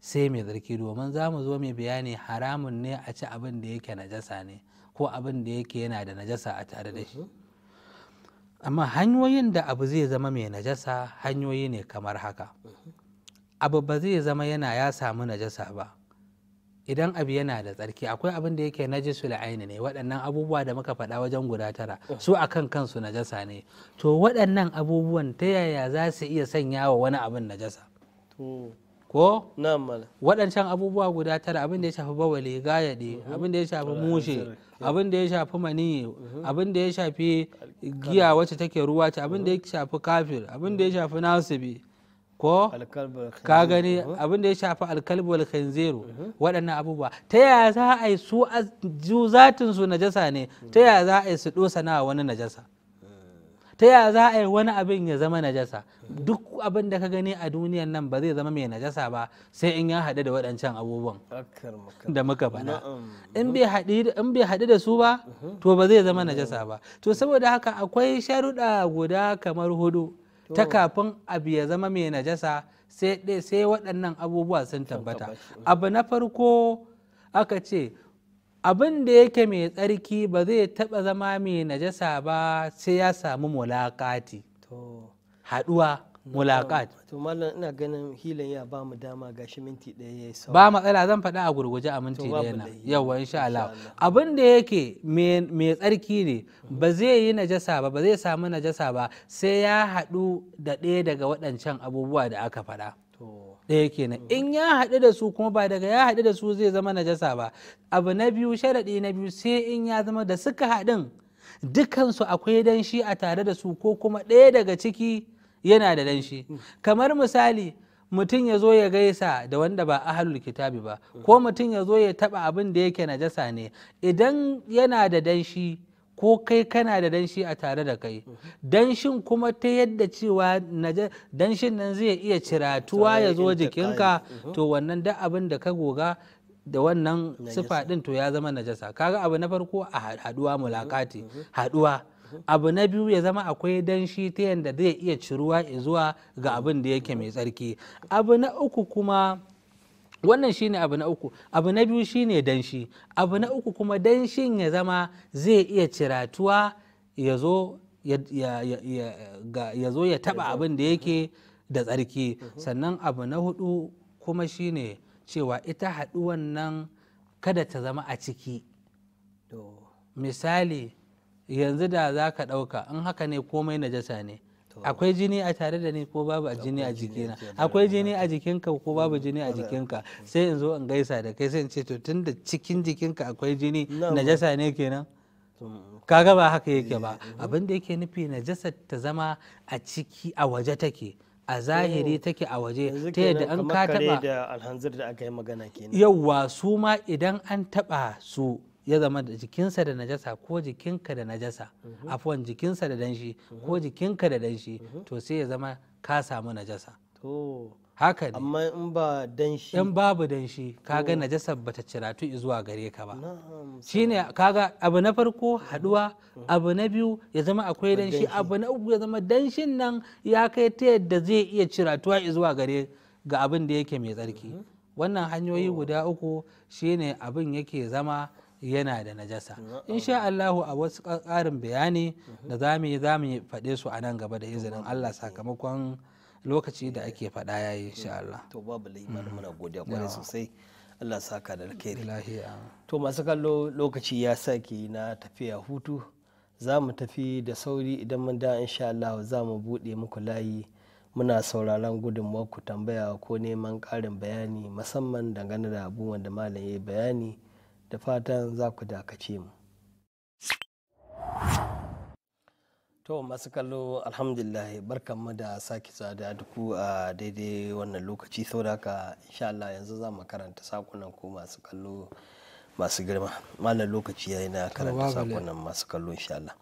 S2: sai mai tsarki domin za mu zo mai bayani haramun ne a ci abin da yake najasa ne ko abin da yake yana da najasa a tare da shi amma hanyoyin da abu zai zama mai najasa hanyoyi ne kamar haka abu ba zai zama yana ya samu najasa ba idan abu yana da tsarki akwai abin da yake su aini ne waɗannan abubuwa da muka faɗa wajen guda tara su akan kansu najasa ne to waɗannan abubuwan ta yaya za su iya sanya wa wani abin najasa ko waɗancan abubuwa guda tara abin da ya shafi bawali ne mhm. abin da ya shafi mushe abin da ya shafi mani mhm. abin da ya shafi giya wacce take ruwa ce abin da ya mhm. shafi kafir abin da ya shafi nasibi ko ka gani abin da ya shafi alkalbul khanziru waɗannan abubuwa ta yaya za a yi su zatin su najasa ne ta yaya za a yi su dosa na wani najasa ta ya za a yi wani abin ya zama najasa duk abin da ka gani a duniyan nan ba zai zama mai najasa ba sai in ya haɗu da waɗancan abubuwan da muka bana in bai haɗu da su ba mhm. to ba zai zama najasa ba to saboda haka akwai sharuɗa guda kamar hudu ta kafin abu ya zama mai najasa sai waɗannan abubuwa sun tabbata abu na farko aka ce abin da yake mai tsarki ba zai taɓa zama mai najasa ba sai ya samu mulaƙati
S1: haɗuwa mulaƙati. to mallam ina ganin hilan ya ba mu dama gashi minti ɗaya ya sau ba matsala
S2: zan faɗa a gurguje a minti ɗaya na yawa insha Allah abin da yake mai tsarki ne mhm. ba zai yi najasa ba ba zai samu najasa ba sai ya haɗu da ɗaya daga waɗancan abubuwa da aka faɗa ɗaya kenan in ya haɗu da su kuma ba daga ya haɗu da su zai zama najasa ba abu na biyu sharaɗi na biyu sai in ya zama da suka haɗin dukansu akwai danshi a tare da su ko kuma ɗaya daga ciki yana da danshi kamar misali mutum ya zo ya gaisa da wanda ba a ahalul kitabi ba ko mutum ya zo ya taɓa abin da yake najasa ne idan yana da danshi ko kai kana da danshi a tare da kai danshin kuma ta yadda cewa danshin nan zai iya ciratuwa ya zo jikinka to uhuh. wannan da abin da ka goga da wannan sifa din to ya zama najasa kaga abu na farko a haduwa uhuh, mulakati uhuh. haduwa abu na biyu ya zama akwai danshi ta yadda zai iya ciruwa zuwa ga abin da yake mai tsarki abu na uku kuma wannan shine abu na uku abu na biyu shine danshi abu na uku kuma danshin ya zama zai iya ciratuwa ya zo ya taba abin da yake da tsarki mhm. sannan abu na hudu kuma shine cewa ita haɗu wannan kada ta zama a ciki misali yanzu da za ka ɗauka in haka ne komai najasa ne akwai jini a tare da ni ko babu jini a jikina akwai jini a jikinka ko babu mm. jini a jikinka sai in zo in gaisa da kai sai in ce to tunda cikin jikinka akwai jini najasa ne kenan kaga ba haka yake ba eh, eh. abin da yake nufi najasa ta zama a ciki a waje take a zahiri take a waje ta yadda an ka taba yauwa su ma idan an taba su ya zama da jikinsa da najasa ko jikinka da najasa mhm. afuwan jikinsa da danshi ko mhm. jikinka da danshi mhm. to sai ya zama ka samu najasa haka ne amma in ba danshi in babu danshi kaga najasa bata ciratu zuwa gare ka ba shine kaga abu na farko haduwa abu na biyu ya zama akwai danshi abu na uku ya zama danshin nan ya kai ta yadda zai iya ciratuwa zuwa gare ga abin da yake mai tsarki wannan hanyoyi guda uku shi ne abin yake zama yana da najasa insha Allahu a wasu karin bayani da za mu yi za faɗe su a nan gaba da izinin Allah
S1: sakamakon lokaci da ake faɗa ya yi insha Allah to babu laimar mhm. muna godiya kwarai sosai Allah saka da alkhairi to masu kallo lokaci ya sake na tafiya hutu za mu tafi da sauri idan mun da insha Allah za mu buɗe muku layi muna sauraron gudunmuwar ku tambaya ko neman ƙarin bayani musamman dangane da abubuwan da malam ya bayani da fatan za ku dakace mu to masu kallo alhamdulillah mu da sake da duku a daidai wannan lokaci sau da haka insha Allah yanzu za mu karanta sakunan ku masu kallo masu girma malam lokaci yayi na karanta sakunan masu kallo insha Allah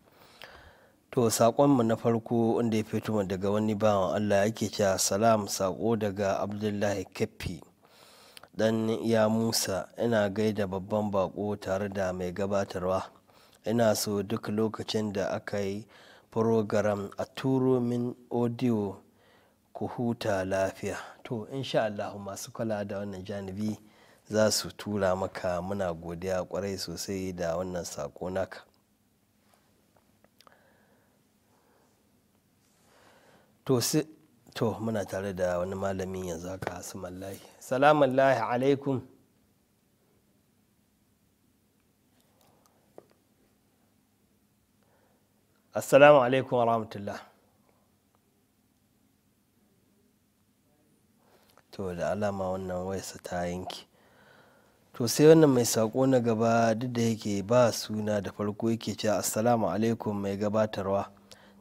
S1: to saƙonmu na farko inda ya fito daga wani bawan Allah yake cewa salam saƙo daga Abdullahi Kaffi dan ya Musa ina gaida babban bako tare da mai gabatarwa ina so duk lokacin da aka yi program a turo min audio ku huta lafiya to insha Allah masu kula da wannan janibi za su tura maka muna godiya kwarai sosai da wannan sako naka to to muna tare da wani malami yanzu haka asumallahi salamallahi alaikum assalamu alaikum wa rahmatullah to da alama wannan wayarsa ta yanki to sai wannan mai sako na gaba duk da yake ba suna da farko yake cewa assalamu alaikum mai gabatarwa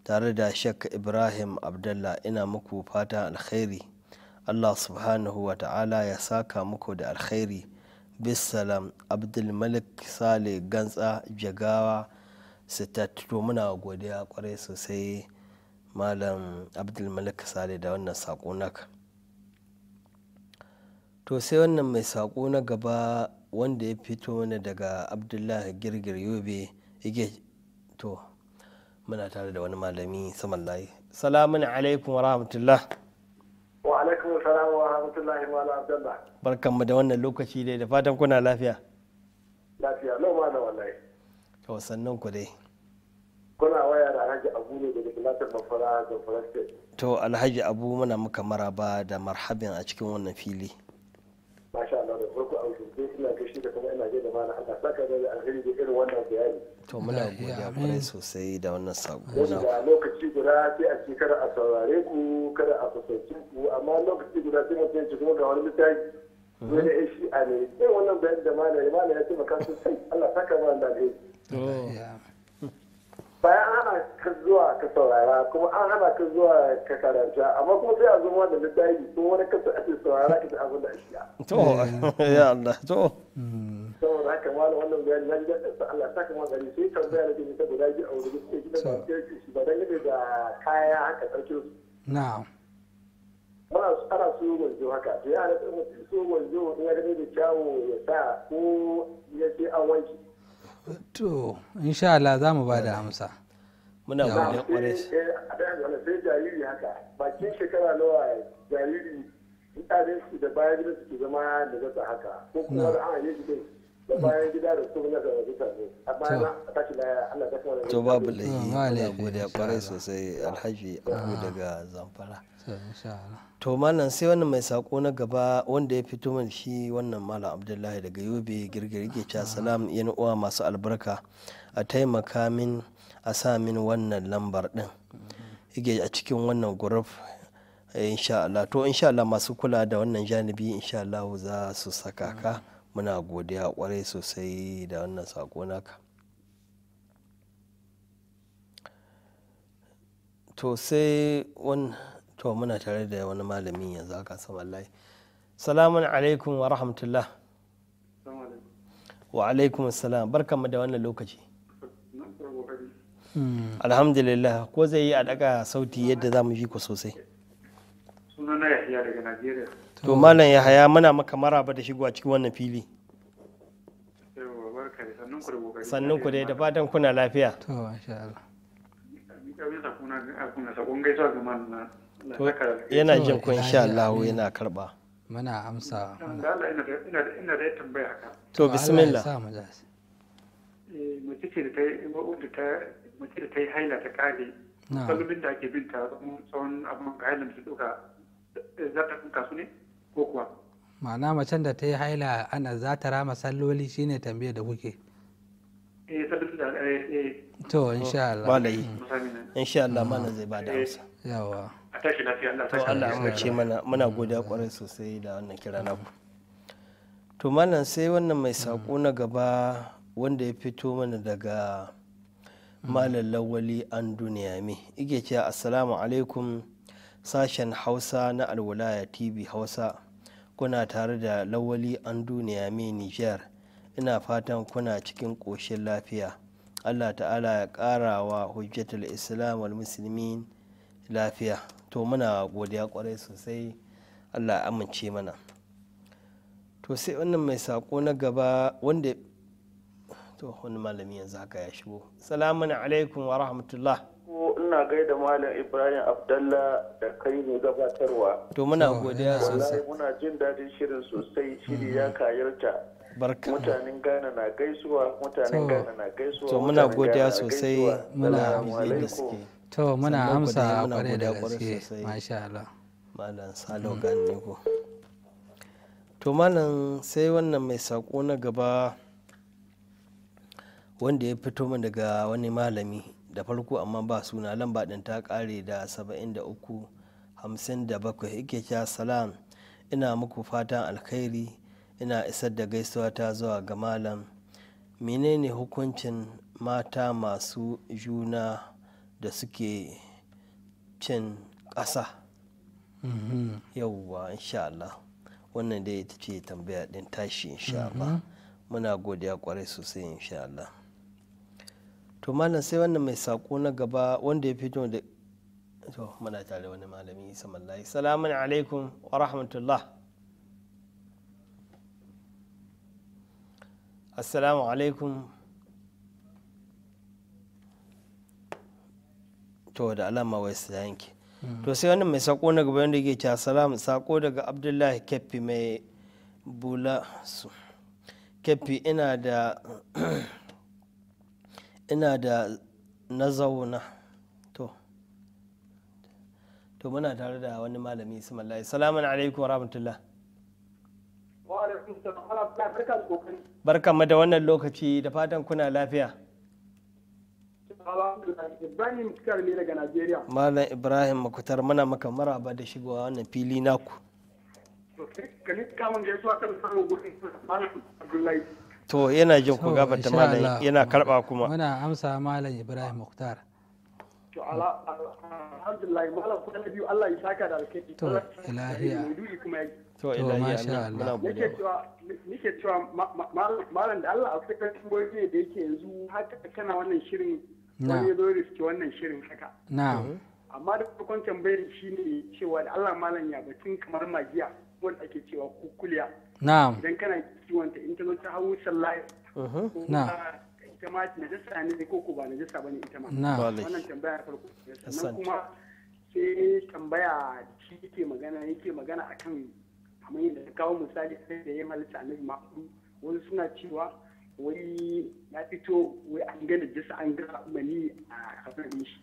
S1: tare da shek ibrahim abdullah ina muku fatan alkhairi allah subhanahu wa ta'ala ya saka muku da alkhairi bisalam abdulmalik sale gantsa jagawa sitattito muna godiya kwarai sosai malam abdulmalik sale da wannan saƙo naka to sai wannan mai saƙo na gaba wanda ya fito ne daga abdullahi girgir yobe yake to muna tare da wani malami saman layi salamun alaikum wa rahmatullah
S3: wa alaikum salam wa rahmatullahi wa Abdullahi.
S1: barkan mu da wannan lokaci dai da fatan kuna lafiya
S3: lafiya lau ma da wallahi
S1: to sannan ku dai
S3: kuna waya da alhaji abu ne daga filatin mafara da foreste
S1: to alhaji abu muna muka maraba da marhabin a cikin wannan fili
S3: masha Allah da farko a wajen suna gashi da kuma ina je da mana Allah saka da alheri da irin wannan bayani
S1: to muna godiya kwarai sosai da wannan sako wanda
S3: lokaci guda sai a ce kada a saurare ku kada a fasace ku amma lokaci guda sai mutum ci kuma ga wani misali mhm. wani ya shi a ne sai wannan bayan da ya mana ya taimaka sosai Allah saka ma da ne oh. bayan an hana ka zuwa ka saurara kuma an hana ka zuwa ka karanta amma kuma sai a zama da misali ko wani kasa ake saurara ka ji abin da shi
S1: to [laughs] ya Allah to hmm.
S3: za ka wannan bayani na gidan ɗansa Allah saka gari sai da ta guda biyu a da shi ba da kaya haka ɗauke su. Na'am. ana so haka to ya so in ya gani da kyawu ya sa ko ya ce an wanki.
S2: To insha Allah za mu ba da amsa. Muna eh, eh,
S3: Sai jariri haka bakin shekara nawa jariri mutanen su da bayan gidan su ke zama da zata haka ko kuma da gidan to
S1: babu laifi gode hmm, godiya kwarai sosai alhaji abu ah. daga zamfara to malam sai wannan mai sako na gaba wanda ya fito min shi wannan malam abdullahi daga yobe yake cha ah. salam yan uwa masu albarka a taimaka min a sa min wannan lambar din yake a cikin wannan guruf insha Allah to insha Allah masu kula da wannan janibi insha Allah za su saka ka muna godiya kwarai sosai da wannan sako naka to sai wani to muna tare da wani malamin yanzu haka samallahi salamun alaikum wa rahmatullah wa alaikum salam mu da wannan lokaci hmm. alhamdulillah ko zai yi a daga sauti yadda za mu fi ku sosai
S3: daga najeriya to malam
S1: ya haya muna maka maraba da shigo a cikin wannan fili
S3: sannan ku dai da fatan
S1: kuna lafiya to masha
S3: Allah
S1: yana jin ku insha Allah yana karba muna amsa
S3: ina da tambaya haka to bismillah eh, mace ce da ta yi haila ta kare kalubin da ake binta tsawon abin hailan ta duka za ta kuka su ne ko kuwa
S2: ma'ana macen da ta yi haila ana za ta rama salloli shine tambayar da kuke
S3: eh salloli da eh, eh. to insha Allah wallahi mm. insha Allah mana zai da eh. amsa yawa a tashi lafiya Allah to Allah ya ce mana muna mm.
S1: godiya kwarai sosai da wannan kira ku. to mana sai wannan mai sako na gaba wanda ya fito mana daga mm. malam lawali an duniya me ike cewa assalamu alaikum sashen hausa na alwalaya tv hausa kuna tare da lawali an duniya mai nijar ina fatan kuna cikin ƙoshin lafiya allah ta'ala ya ƙara wa hujjatul islam wal musulmin lafiya to muna godiya kwarai sosai allah amince mana to sai wannan mai saƙo na gaba wanda to wani malami yanzu haka ya shigo salamun alaikum wa rahmatullah
S3: ina gaida malam ibrahim abdallah da kai ne gabatarwa
S1: to muna godiya sosai
S3: muna jin dadin shirin sosai shiri ya mm-hmm. kayarta mutanen ghana na gaisuwa mutanen gana na gaisuwa to muna godiya
S1: sosai muna da suke to muna amsa kwarai da gaske masha Allah malam salo mm-hmm. gani ko to malam sai wannan mai sako na gaba wanda ya fito min daga wani malami da farko amma ba suna lamba ɗin ta ƙare da 73 bakwai ike kya salam ina muku fatan alkhairi ina isar da gaisuwa ta zuwa ga malam menene hukuncin mata masu juna da suke cin ƙasa mm-hmm. yauwa insha Allah wannan dai ya ce tambaya ɗin tashi insha Allah mm-hmm. muna godiya kwarai sosai insha Allah to malam sai wannan mai sako na gaba wanda ya fito da to muna tare wani malami isa mallahi salamun alaikum wa rahmatullah assalamu alaikum to da alama wai su yanki hmm. to sai wannan mai sako na gaba wanda yake cewa salam sako daga abdullahi keffi mai bula su keffi ina da ina da na zauna to to muna tare da wani malami ismallahi salamun alaikum wa rahmatullah barkan mu da wannan lokaci da fatan kuna lafiya
S3: Ibrahim Kutar ne daga Najeriya.
S1: Malam Ibrahim Makutar muna maka maraba da shigowa wannan fili naku.
S3: Kamin kamun gaisuwa kan samun gudun Malam Abdullahi.
S1: to yana jin ku gabata malam yana karba kuma muna amsa malam ibrahim muktar
S3: to alhamdulillah malam kuma biyu Allah ya saka da alkhairi to ilahiya to
S1: ilahiya muna godiya
S3: nake cewa malam da Allah akwai tambayoyi da yake yanzu haka kana wannan shirin wani ya zo riski wannan shirin haka na'am mm-hmm. amma da farkon tambayar shine cewa da Allah malam ya batun kamar magiya wanda ake cewa kukuliya na'am idan kana ciwon ta in ta zo ta hawo sallaya
S1: uh-huh. na'am
S3: ita ma najasa ne ko ko ba najasa bane ita ma na'am wannan tambaya farko sannan kuma sai tambaya da ke magana yake magana akan kamar yadda ta kawo misali sai da ya halitta annabi ma'udu wani suna cewa wai ya fito wai an ga da jisa an ga mani a kafin din shi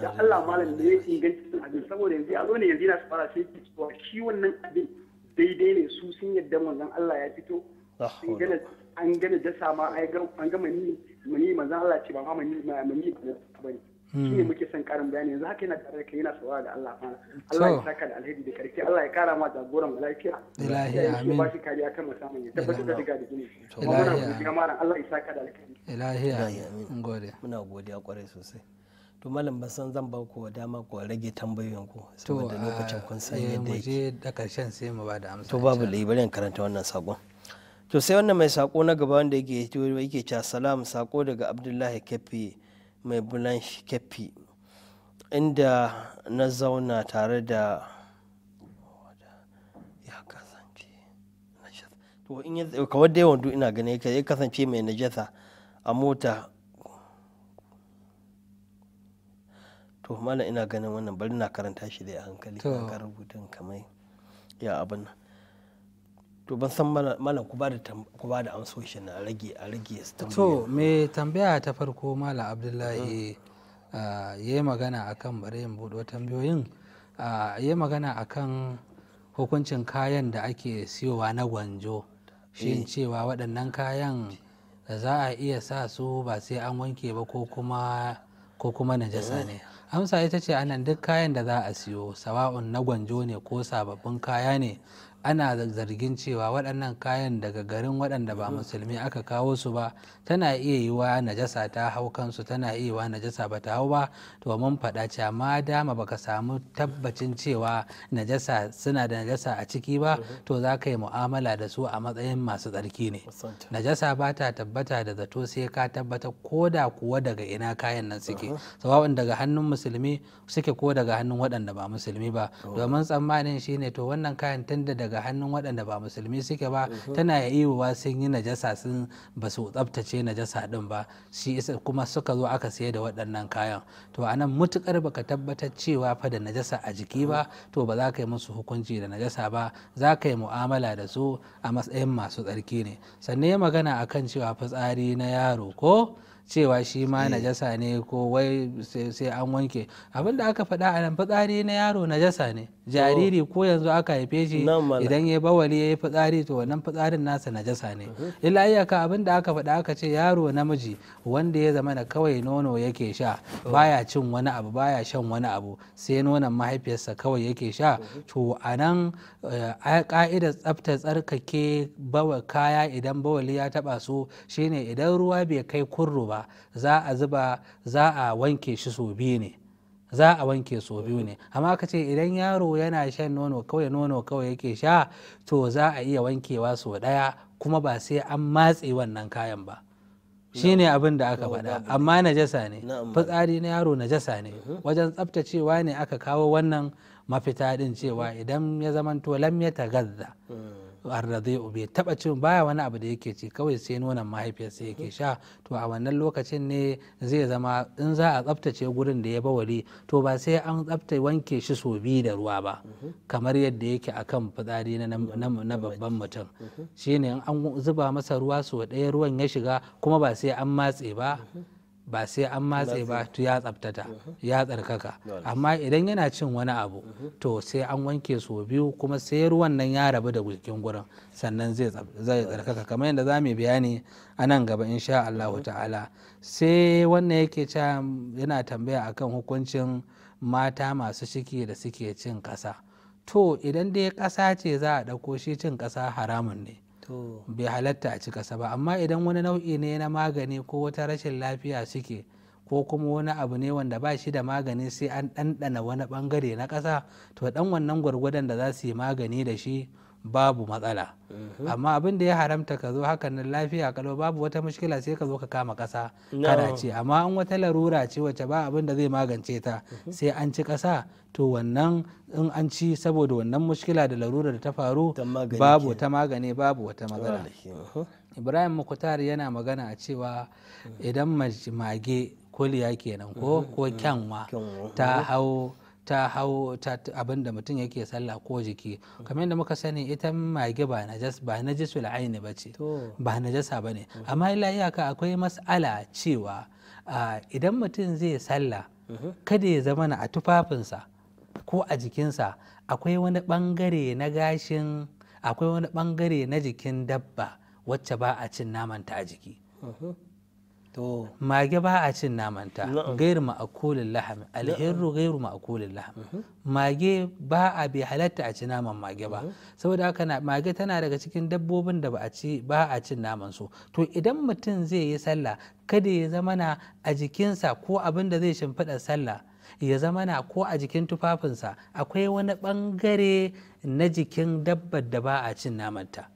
S3: da Allah malam da ya inganta abin saboda yanzu ya zo ne yanzu na fara sai ki cewa shi wannan abin daidai ne su sun yadda manzon Allah ya fito an gane dasa ma an gama ni mani manzon Allah ce ba ma mani mani ba ne hmm. shi ne muke son karin bayani yanzu haka yana tare da kai yana saurara da Allah fara Allah ya saka da alheri da karfi Allah ya kara ma jagoran lafiya ilahi amin ba shi kariya kan musamman ya tabbata da diga da gini ilahi amin Allah ya saka da alheri
S1: ilahi amin gode muna godiya kwarai sosai to malam ba san zan ba ku dama ku rage tambayoyin ku saboda lokacin kun san eh, yadda yake je da karshen sai mu ba da amsa to babu lai bari karanta wannan sakon to sai wannan mai sako na gaba wanda yake yake cewa salam sako daga Abdullahi Keffi mai Blanche Keffi inda na zauna tare da to in ya kawar da yawan ina ganin ya kasance mai najasa a mota to malam ina ganin wannan bari na karanta shi dai a hankali ka rubutun kamar ya abin nan to ban san malam ku ba da amsoshi na rage a rage to
S2: me tambaya ta farko malam abdullahi ya mm. yi magana akan bare yin buɗo tambayoyin ya yi magana akan hukuncin kayan da ake siyowa na gwanjo shi eh. cewa waɗannan kayan za a iya sa su ba sai an wanke ba ko kuma ko kuma najasa ne amsa ita ce anan duk kayan da za a siyo sawa'un na gwanjo ne ko sababbin kaya ne ana zargin cewa waɗannan kayan daga garin waɗanda ba mm-hmm. musulmi aka kawo su ba tana iya yiwa najasa ta hau kansu tana iya yiwa najasa ba ta hau ba to mun faɗa cewa ma dama baka samu tabbacin cewa najasa suna da najasa a ciki ba mm-hmm. to za ka yi mu'amala da su a matsayin masu tsarki ne najasa ba ta tabbata da zato sai ka tabbata ko da kuwa daga ina kayan nan suke uh-huh. sawa'un daga hannun musulmi suke ko daga hannun waɗanda ba musulmi ba oh. domin tsammanin shine to wannan kayan tunda daga daga hannun waɗanda ba musulmi suke ba tana ya sun yi najasa sun ba su tsabtace najasa ɗin ba shi isa kuma suka zo aka sayar da waɗannan kayan to a nan mutukar baka tabbatar cewa fa da najasa a jiki ba to ba za ka yi musu hukunci da najasa ba za ka yi mu'amala da su a matsayin masu tsarki ne sannan ya magana akan cewa fitsari na yaro ko cewa shi ma eh. najasa ne ko wai sai an wanke abin aka faɗa a nan fitsari na yaro najasa ne jariri oh. ko yanzu aka haife shi idan ya bawali ya yi fitsari to wannan fitsarin nasa najasa ne uh-huh. illa iyaka abin da aka faɗa aka ce yaro namiji wanda ya zama na kawai nono yake sha oh. baya cin wani abu baya shan wani abu sai nonon mahaifiyarsa kawai yake sha uh-huh. to a nan ka'idar eh, tsafta tsarkake bawa kaya idan bawali ya taba su shine idan ruwa bai kai kurru ba ba za a zuba za a wanke shi so biyu ne za a wanke so biyu ne amma ka ce idan yaro yana shan nono kawai nono kawai yake sha to za a iya wankewa so ɗaya kuma ba sai an matse wannan kayan ba shi ne abin da aka faɗa amma najasa ne fitsari na yaro najasa ne mm-hmm. wajen tsaftacewa ne aka kawo wannan mafita ɗin cewa idan ya zamanto lam ya tagazza mm. zai bai taba cin baya wani abu da yake ci kawai sai nonon mahaifiyarsa yake sha to a wannan lokacin ne zai zama in za a tsaftace gurin da ya bawali to ba sai an tsafta wanke shi so biyu da ruwa ba kamar yadda yake akan fitsari na babban mutum shine in an zuba masa ruwa so ɗaya ruwan ya shiga kuma ba sai an matse ba ba sai an matse ba to ya tsabtata uh-huh. ya tsarkaka amma idan yana cin wani abu uh-huh. to sai an wanke so biyu kuma sai ruwan nan ya rabu da jikin gurin sannan zai tsarkaka kamar yadda za mu bayani a nan gaba insha allah uh-huh. ta'ala sai wannan yake ce yana tambaya akan hukuncin mata masu ciki da suke cin ƙasa to idan dai ƙasa ce za a ɗauko shi cin ƙasa haramun ne bai halatta a ci kasa ba amma idan wani nau'i ne na magani ko wata rashin lafiya suke ko kuma wani abu ne wanda ba shi da magani sai an ɗanɗana wani ɓangare na ƙasa to ɗan wannan gwargwadon da za su yi magani da shi babu matsala amma abin da ya haramta ka zo hakan nan lafiya kalau babu wata mushkila sai ka zo ka kama kasa kana ce amma in wata larura ce wacce ba abin da zai magance ta sai an ci kasa to wannan in an ci saboda wannan mushkila da larura da ta faru babu ta magane babu wata matsala ibrahim mukutar yana magana a cewa idan mage kuliya kenan ko ko kyanwa ta hau ta hau abin da mutum yake sallah ko jiki kamar yadda muka sani ita mage ba najas ba najisul aini ba ce ba jasa ba ne amma ila iyaka akwai mas'ala cewa idan mutum zai sallah mhm. kada ya zama a tufafinsa ko a jikinsa akwai wani bangare na gashin akwai wani bangare na jikin dabba wacce ba a cin naman ta a jiki mhm. mage ba a cin namanta gairu ma'akulin laham alhirru gairu ma'akulin laham mhm. mage ba a bai halatta a ci naman mage ba mhm. saboda haka mage tana daga cikin dabbobin da ba a ba a cin naman su to idan mutum zai yi sallah kada ya zamana a jikinsa ko abin da zai shimfiɗa sallah ya zamana ko a jikin tufafinsa akwai wani bangare na jikin dabbar da ba a cin namanta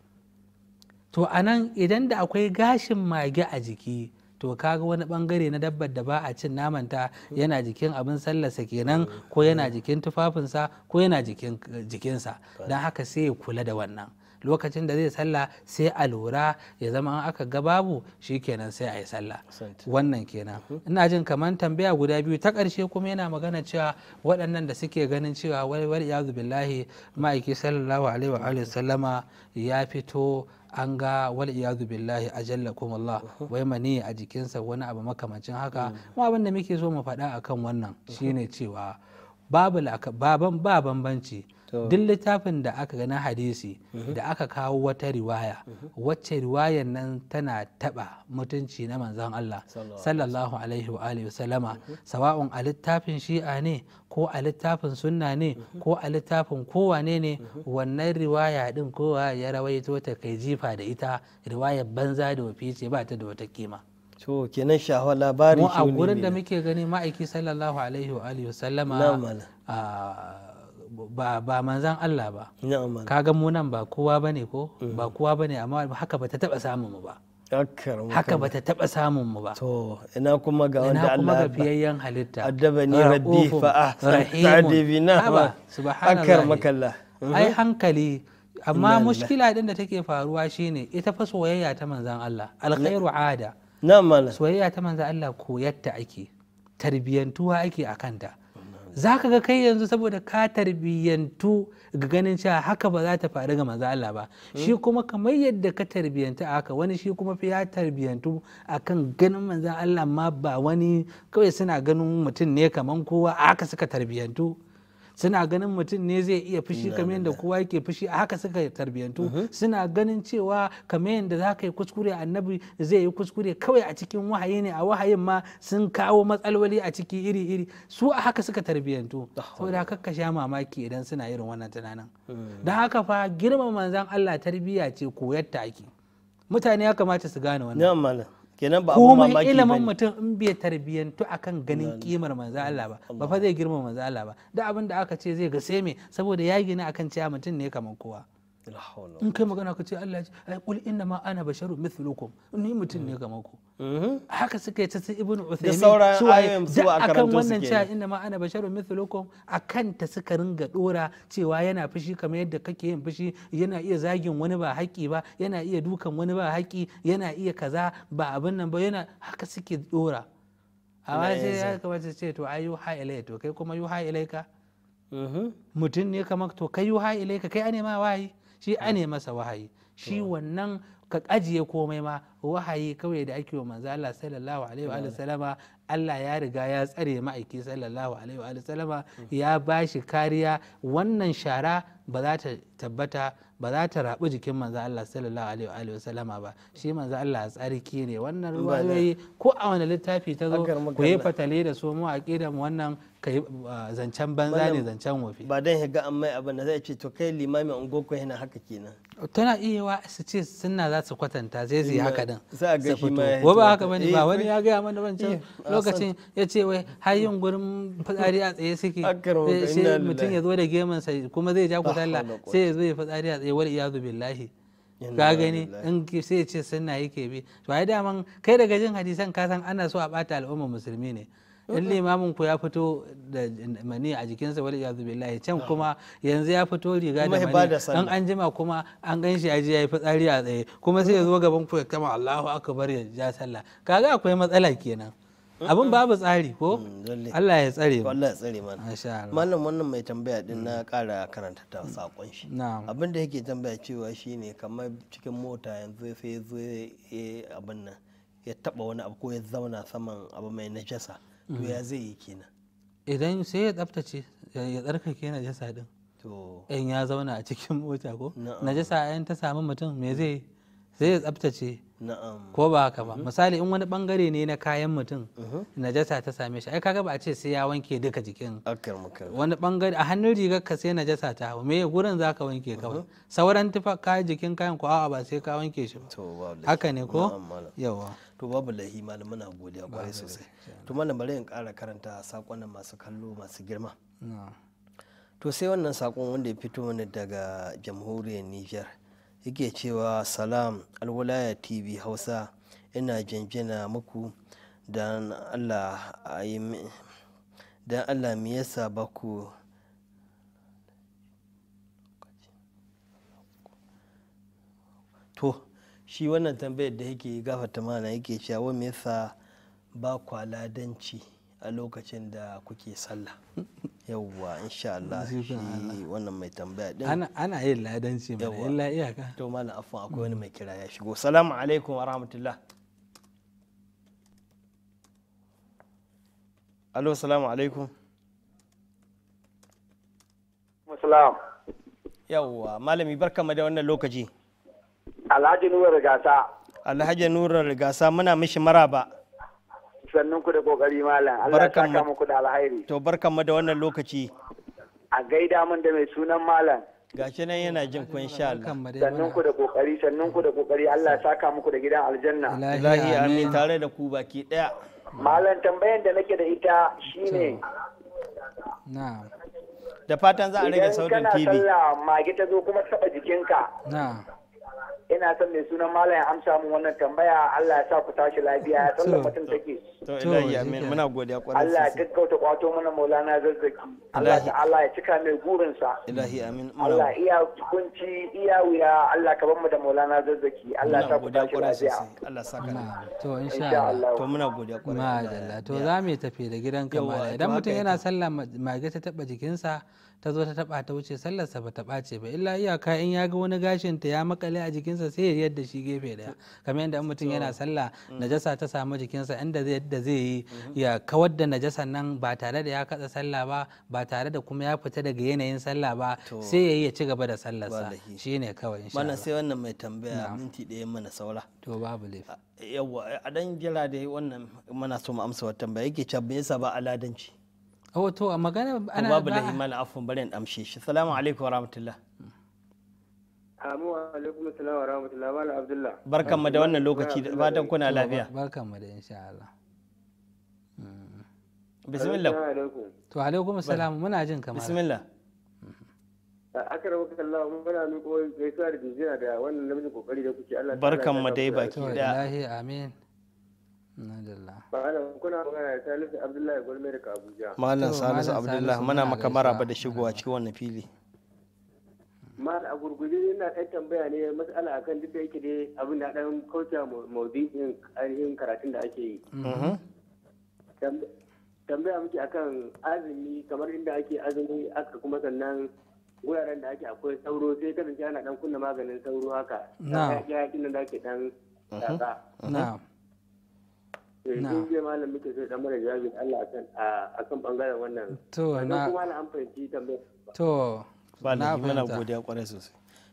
S2: to anan idan da akwai gashin mage a jiki to kaga wani bangare na dabbar da ba a cin namanta hmm. yana jikin abin sallarsa kenan hmm. ko yana hmm. jikin tufafinsa ko yana jikin jikinsa don haka sai ya kula da wannan lokacin da zai salla sai a lura ya zama an aka ga babu shi kenan sai a yi salla. wannan kenan ina jin kamar tambaya guda biyu ta ƙarshe kuma yana magana cewa waɗannan da suke ganin cewa wani wal billahi ma'aiki sallallahu alaihi wa sallama ya fito an ga wal iyadu billahi ajalla Allah wai mani a jikinsa wani abu makamancin haka hmm. kuma abin da muke so mu faɗa akan wannan shine cewa babu ba bambanci duk littafin da aka na hadisi mhm. da aka kawo wata riwaya mhm. wacce riwayan nan tana taba mutunci na manzon Allah sallallahu alaihi wa alihi wasallama mhm. sawa'un a littafin shi'a ne ko a littafin sunna ne ko a littafin kowane ne wannan riwaya din kowa ya rawaito ta kai jifa da ita riwaya banza da wafice ba ta da wata kima
S1: to kenan labarin shi ne mu a gurin da
S2: muke gani ma'aiki sallallahu alaihi wa alihi ba manzan Allah ba ka ga mu nan ba kowa bane ko ba kowa bane amma haka ba ta taba samun mu ba haka ba ta taba samun mu ba to ina kuma ga wanda Allah ina kuma ga fiyayyen halitta addabani rabbi fa ahsan ta'dibi subhanallah mhm. ai hankali amma mushkila din da take faruwa shine ita fa soyayya ta manzan Allah alkhairu ada na'am soyayya ta manzan Allah koyatta ake tarbiyantuwa ake akanta za ka ga kai yanzu saboda ka tarbiyyantu ga ganin cewa haka ba za ta faru ga manzo Allah ba shi mm. kuma kamar yadda ka tarbiyyanta haka wani shi kuma fi ya tarbiyyantu akan ganin manzo Allah ma ba wani kawai suna ganin mutum ne kamar kowa haka suka tarbiyyantu suna ganin mutum ne zai iya fushi kamar yadda kowa yake fushi a haka suka tarbiyantu uh-huh. suna ganin cewa kamar yadda za ka yi kuskure annabi zai yi kuskure kawai a cikin wahayi ne a wahayin ma sun kawo matsaloli a ciki iri iri su a haka suka tarbiyantu ah, saboda haka sha mamaki idan suna irin wannan tunanin hmm. don haka fa girma manzan Allah tarbiyya ce koyar ta ake mutane ya kamata su gane wannan kenan ba abun mamaki bane ilimin mutum in bai tarbiyantu akan ganin kimar manzo Allah ba ba fa zai girma manzo Allah ba da abin da aka ce zai ga sai me saboda ya gina akan cewa mutum ne kamar kowa in kai magana ka ce Allah ce ai kul inna ma ana basharu mithlukum ni mutum ne kamar ku mm-hmm. haka suka yi ta sai ibnu uthaymin da sauran ayoyin su a akan wannan cewa inna ma ana basharu mithlukum akan ta suka ringa dora cewa yana fushi kamar yadda kake yin fushi yana iya zagin wani ba haƙi ba yana iya dukan wani ba haƙi yana iya kaza ba abin nan ba yana haka suke dora
S3: amma sai ya
S2: kamata ce to ai ha ilai to kai kuma ha ilai ka mm-hmm. mutum ne kamar to kai ha ilai ka kai ane ma wahayi shi ane masa wahayi shi oh. wannan ka ajiye komai ma wahayi kawai da ake wa manzo Allah sallallahu alaihi wa sallama Allah ya riga ya tsare ma'aiki sallallahu alaihi wa sallama mm. ya bashi kariya wannan shara ba za ta tabbata ba za ta rabu jikin manzo Allah sallallahu alaihi wa sallama ba shi manzo Allah tsarki ne wannan ruwayoyi ko a wani littafi ta zo ku yi fatale da su mu aqida mu wannan kai zancen banza ne zancen wofi.
S1: ba dan higa an mai abin da zai ce to kai limamin ungoko yana haka kenan
S2: tana iya wa su ce suna za su kwatanta zai zai haka din za ga shi ma wa ba haka bane ba eh, wani ya ya
S1: mana eh, wancan eh, lokacin
S2: ya ce wai har yin gurin fitsari a tsaye suke sai mutum ya zo da gemin sa kuma zai ja ku sallah sai ya zo ya fitsari a tsaye wal iyazu billahi ka gani in sai ya ce suna yake bi to ai daman kai daga jin hadisan ka san ana so a bata al'umma musulmi ne in limamin ku ya fito da mani a jikinsa ya iyazu billahi can kuma yanzu ya fito riga da mani an an jima kuma an gan shi aji yi fitsari a tsaye kuma sai ya zo gaban ku ya kama Allahu akbar ya ja sallah kaga akwai matsala kenan abin babu tsari ko mm, Allah ya tsare mu Allah ya tsare
S1: mana mallam wannan mai tambaya din na kara karanta ta sakon shi abin da yake tambaya cewa shine kamar cikin mota yanzu sai zo abin nan ya taba wani abu ko ya zauna saman abu mai najasa to ya mm. zai yi kenan
S2: idan sai ya tsaftace ya tsarkake jasa din to in ya zauna a cikin [laughs] mota ko na jasa 'ayan ta samu mutum me zai sai ya tsaftace ko ba haka ba mm-hmm. misali in wani bangare ne na kayan mutum mm-hmm. najasa ta same shi ai kaga ba a ce sai ya wanke duka jikin wani bangare a hannun rigar ka sai najasa ta me gurin zaka wanke kawai mm-hmm. sauran tufa kayan jikin kayan ko a'a ba sai ka wanke shi
S1: ba haka ne ko yawa to babu lahi malamu na godiya kwarai sosai to malam bari in ƙara karanta sakonnan masu kallo masu girma to sai wannan sakon wanda ya fito mana daga jamhuriyar niger yake cewa salam alwalaya tv hausa ina jinjina muku don allah dan allah me yasa ba ku to shi wannan tambayar da yake gafata mana yake cewa me yasa ba kwa ladanci a lokacin da kuke sallah yawwa insha Allah shi wannan mai tambaya din ana yin ladanci mai illa iyaka to malam afwan akwai wani mai kira ya shigo salamu alaikum wa rahmatullah alo salamu alaikum salam yawwa malami barkamu da wannan lokaci
S3: Alhaji Nura Rigasa.
S1: Alhaji Nura Rigasa muna mishi maraba.
S3: Sannan ku da kokari malam. Allah ya saka muku da alhairi.
S1: To barkan mu da wannan lokaci.
S3: A gaida mun da mai sunan malam. gashi nan yana
S1: jin kun sha Allah sannan ku
S3: da kokari sannan ku da kokari Allah ya saka muku da gidan aljanna ilahi amin
S1: tare da ku baki daya
S3: malam tambayan da nake da ita shine
S1: na'am da fatan za a rage sautin TV idan kana sallah
S3: magi ta zo kuma saba jikinka na'am ina son mai sunan malam amsa mun wannan tambaya Allah ya sa ku tashi lafiya ya san mutum take to ilahi amin muna godiya kwarai Allah ya gaggauta kwato mana maulana zazzaki Allah Allah ya cika mai gurin sa ilahi
S1: amin Allah
S3: iya kunci iya wuya Allah ka bar mu da maulana zazzaki Allah ya sa ku tashi lafiya
S1: Allah ya saka to insha Allah to muna godiya kwarai ma to za
S2: mu tafi da gidan kamar idan mutum yana sallah mage ta taba jikinsa ta zo ta taba ta wuce sallarsa ba ta ɓace ba illa iyaka in ya ga wani gashin ta ya makale a jikinsa sai ya yadda shi gefe daya kamar yadda mutum yana sallah mm. najasa ta samu jikinsa inda zai yadda zai yi mm-hmm. ya kawar da najasa nan ba tare da ya katsa sallah ba ba tare da kuma ya fita daga yanayin sallah
S1: ba sai ya yi
S2: ya ci gaba da sallarsa shine kawai insha Allah sai
S1: wannan mai tambaya minti daya mana saura to babu laifi yawa a dan jira da wannan muna so mu amsa wata tambaya yake cewa me yasa ba aladanci oh to a magana ana babu da bari in amshe shi salamu alaikum wa rahmatullah
S3: Amu alaikum wa rahmatullah Abdullah barkan mu da wannan lokaci da fatan
S2: kuna lafiya barkan mu da insha Allah hmm. bismillah to alaikum salam muna jin kamar bismillah
S3: gaisuwa da da wannan kokari da kuke Allah barkan mu
S2: dai
S1: baki da
S3: amin Malam kuna magana da Salisu Abdullahi Gwalme daga Abuja. Malam Salisu Abdullahi muna maka maraba da
S1: shigowa cikin wannan fili.
S3: Mal a gurguje ina kai tambaya ne matsala akan duk da yake dai abin da dan kauce maudu'in ainihin karatun da ake yi. Tambaya muke akan azumi kamar inda ake azumi aka kuma sannan wuraren da ake akwai sauro sai kasance ana dan kunna maganin sauro haka. Na. Ya da ake dan. Na. Eh, na'am. wannan.
S1: To na To na mana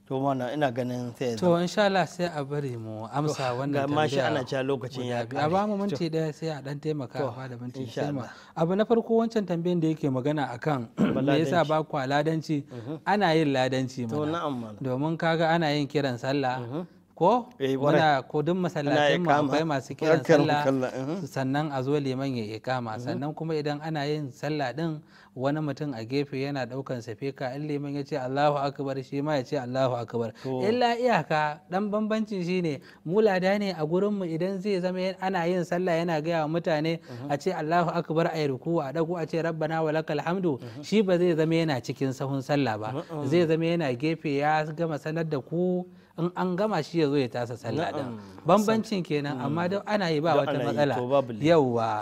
S1: To ina ganin sai To
S2: insha Allah sai a bari
S1: mu amsa wannan tambaya. Ga mashi ana cewa lokacin ya kare. A ba mu minti
S2: daya sai a dan taimaka a da minti sai Abu na farko wancan tambayan da yake magana akan [clears throat] me yasa ba kwa ladanci mhm. ana yin ladanci mana. To na'am Domin kaga ana yin kiran sallah. Mhm. ko eh, muna ko duk masallacin mu akwai masu kiran sallah eh. sannan a zo liman ya ikama mhm. sannan kuma idan ana yin sallah din wani mutum a gefe yana daukan safeka in liman ya ce Allahu akbar shi ma ya ce Allahu akbar illa iyaka dan bambancin shine mu lada ne a gurin mu idan zai zama ana yin sallah yana gaya wa mutane mhm. a ce Allahu akbar ayi ruku a dago a ce rabbana walakal hamdu mhm. shi ba zai zama yana cikin sahun sallah ba zai zama yana gefe ya gama sanar da ku in an gama shi ya zo ya tasa sallah din bambancin kenan amma hmm. da ana yi ba wata matsala
S1: yawwa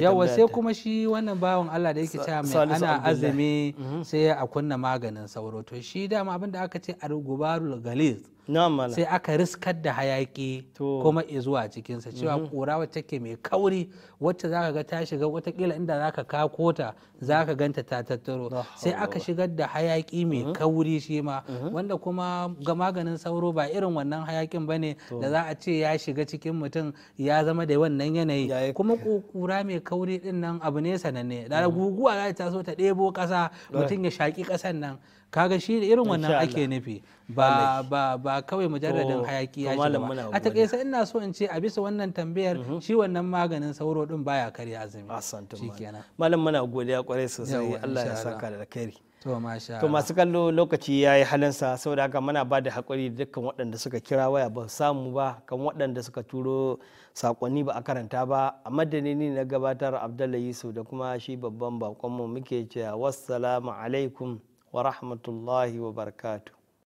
S1: yawwa
S2: sai kuma shi wannan bawan Allah da yake cewa mai ana azumi mhm. sai a kunna maganin sauro to shi dama abin da aka ce al gubarul ghaliz
S1: sai
S2: aka riskar da hayaki kuma zuwa cikinsa cewa kura mhm. wacce ke mai kauri wacce ka ga ta shiga watakila inda za ka kako ta ka ganta ta tattaro sai aka shigar da hayaki mai mhm. kauri shi ma mhm. wanda kuma ga maganin sauro ba irin wannan hayakin bane da za a ce ya shiga cikin mutum ya zama da wannan yanayi kuma kura mai kauri din nan abu ne sananne da guguwa za ta so ta ɗebo ƙasa mutum ya shaƙi ƙasan nan kaga shi irin wannan ake nufi ba ba ba kawai mujarradin hayaki ya ce ba a takaice ina so in ce a bisa wannan tambayar mhm. shi wannan maganin sauro din baya karya azumi shikenan
S1: malam muna godiya kwarai sosai Allah ya saka da alkhairi To masu kallo lokaci ya yi halinsa saboda haka muna ba da haƙuri dukkan waɗanda suka kira waya ba samu ba kan waɗanda suka turo saƙonni ba a karanta ba a madadini na gabatar Abdullahi Yusuf da kuma shi babban baƙonmu muke cewa wassalamu alaikum. wa rahmatullahi wa barakatuh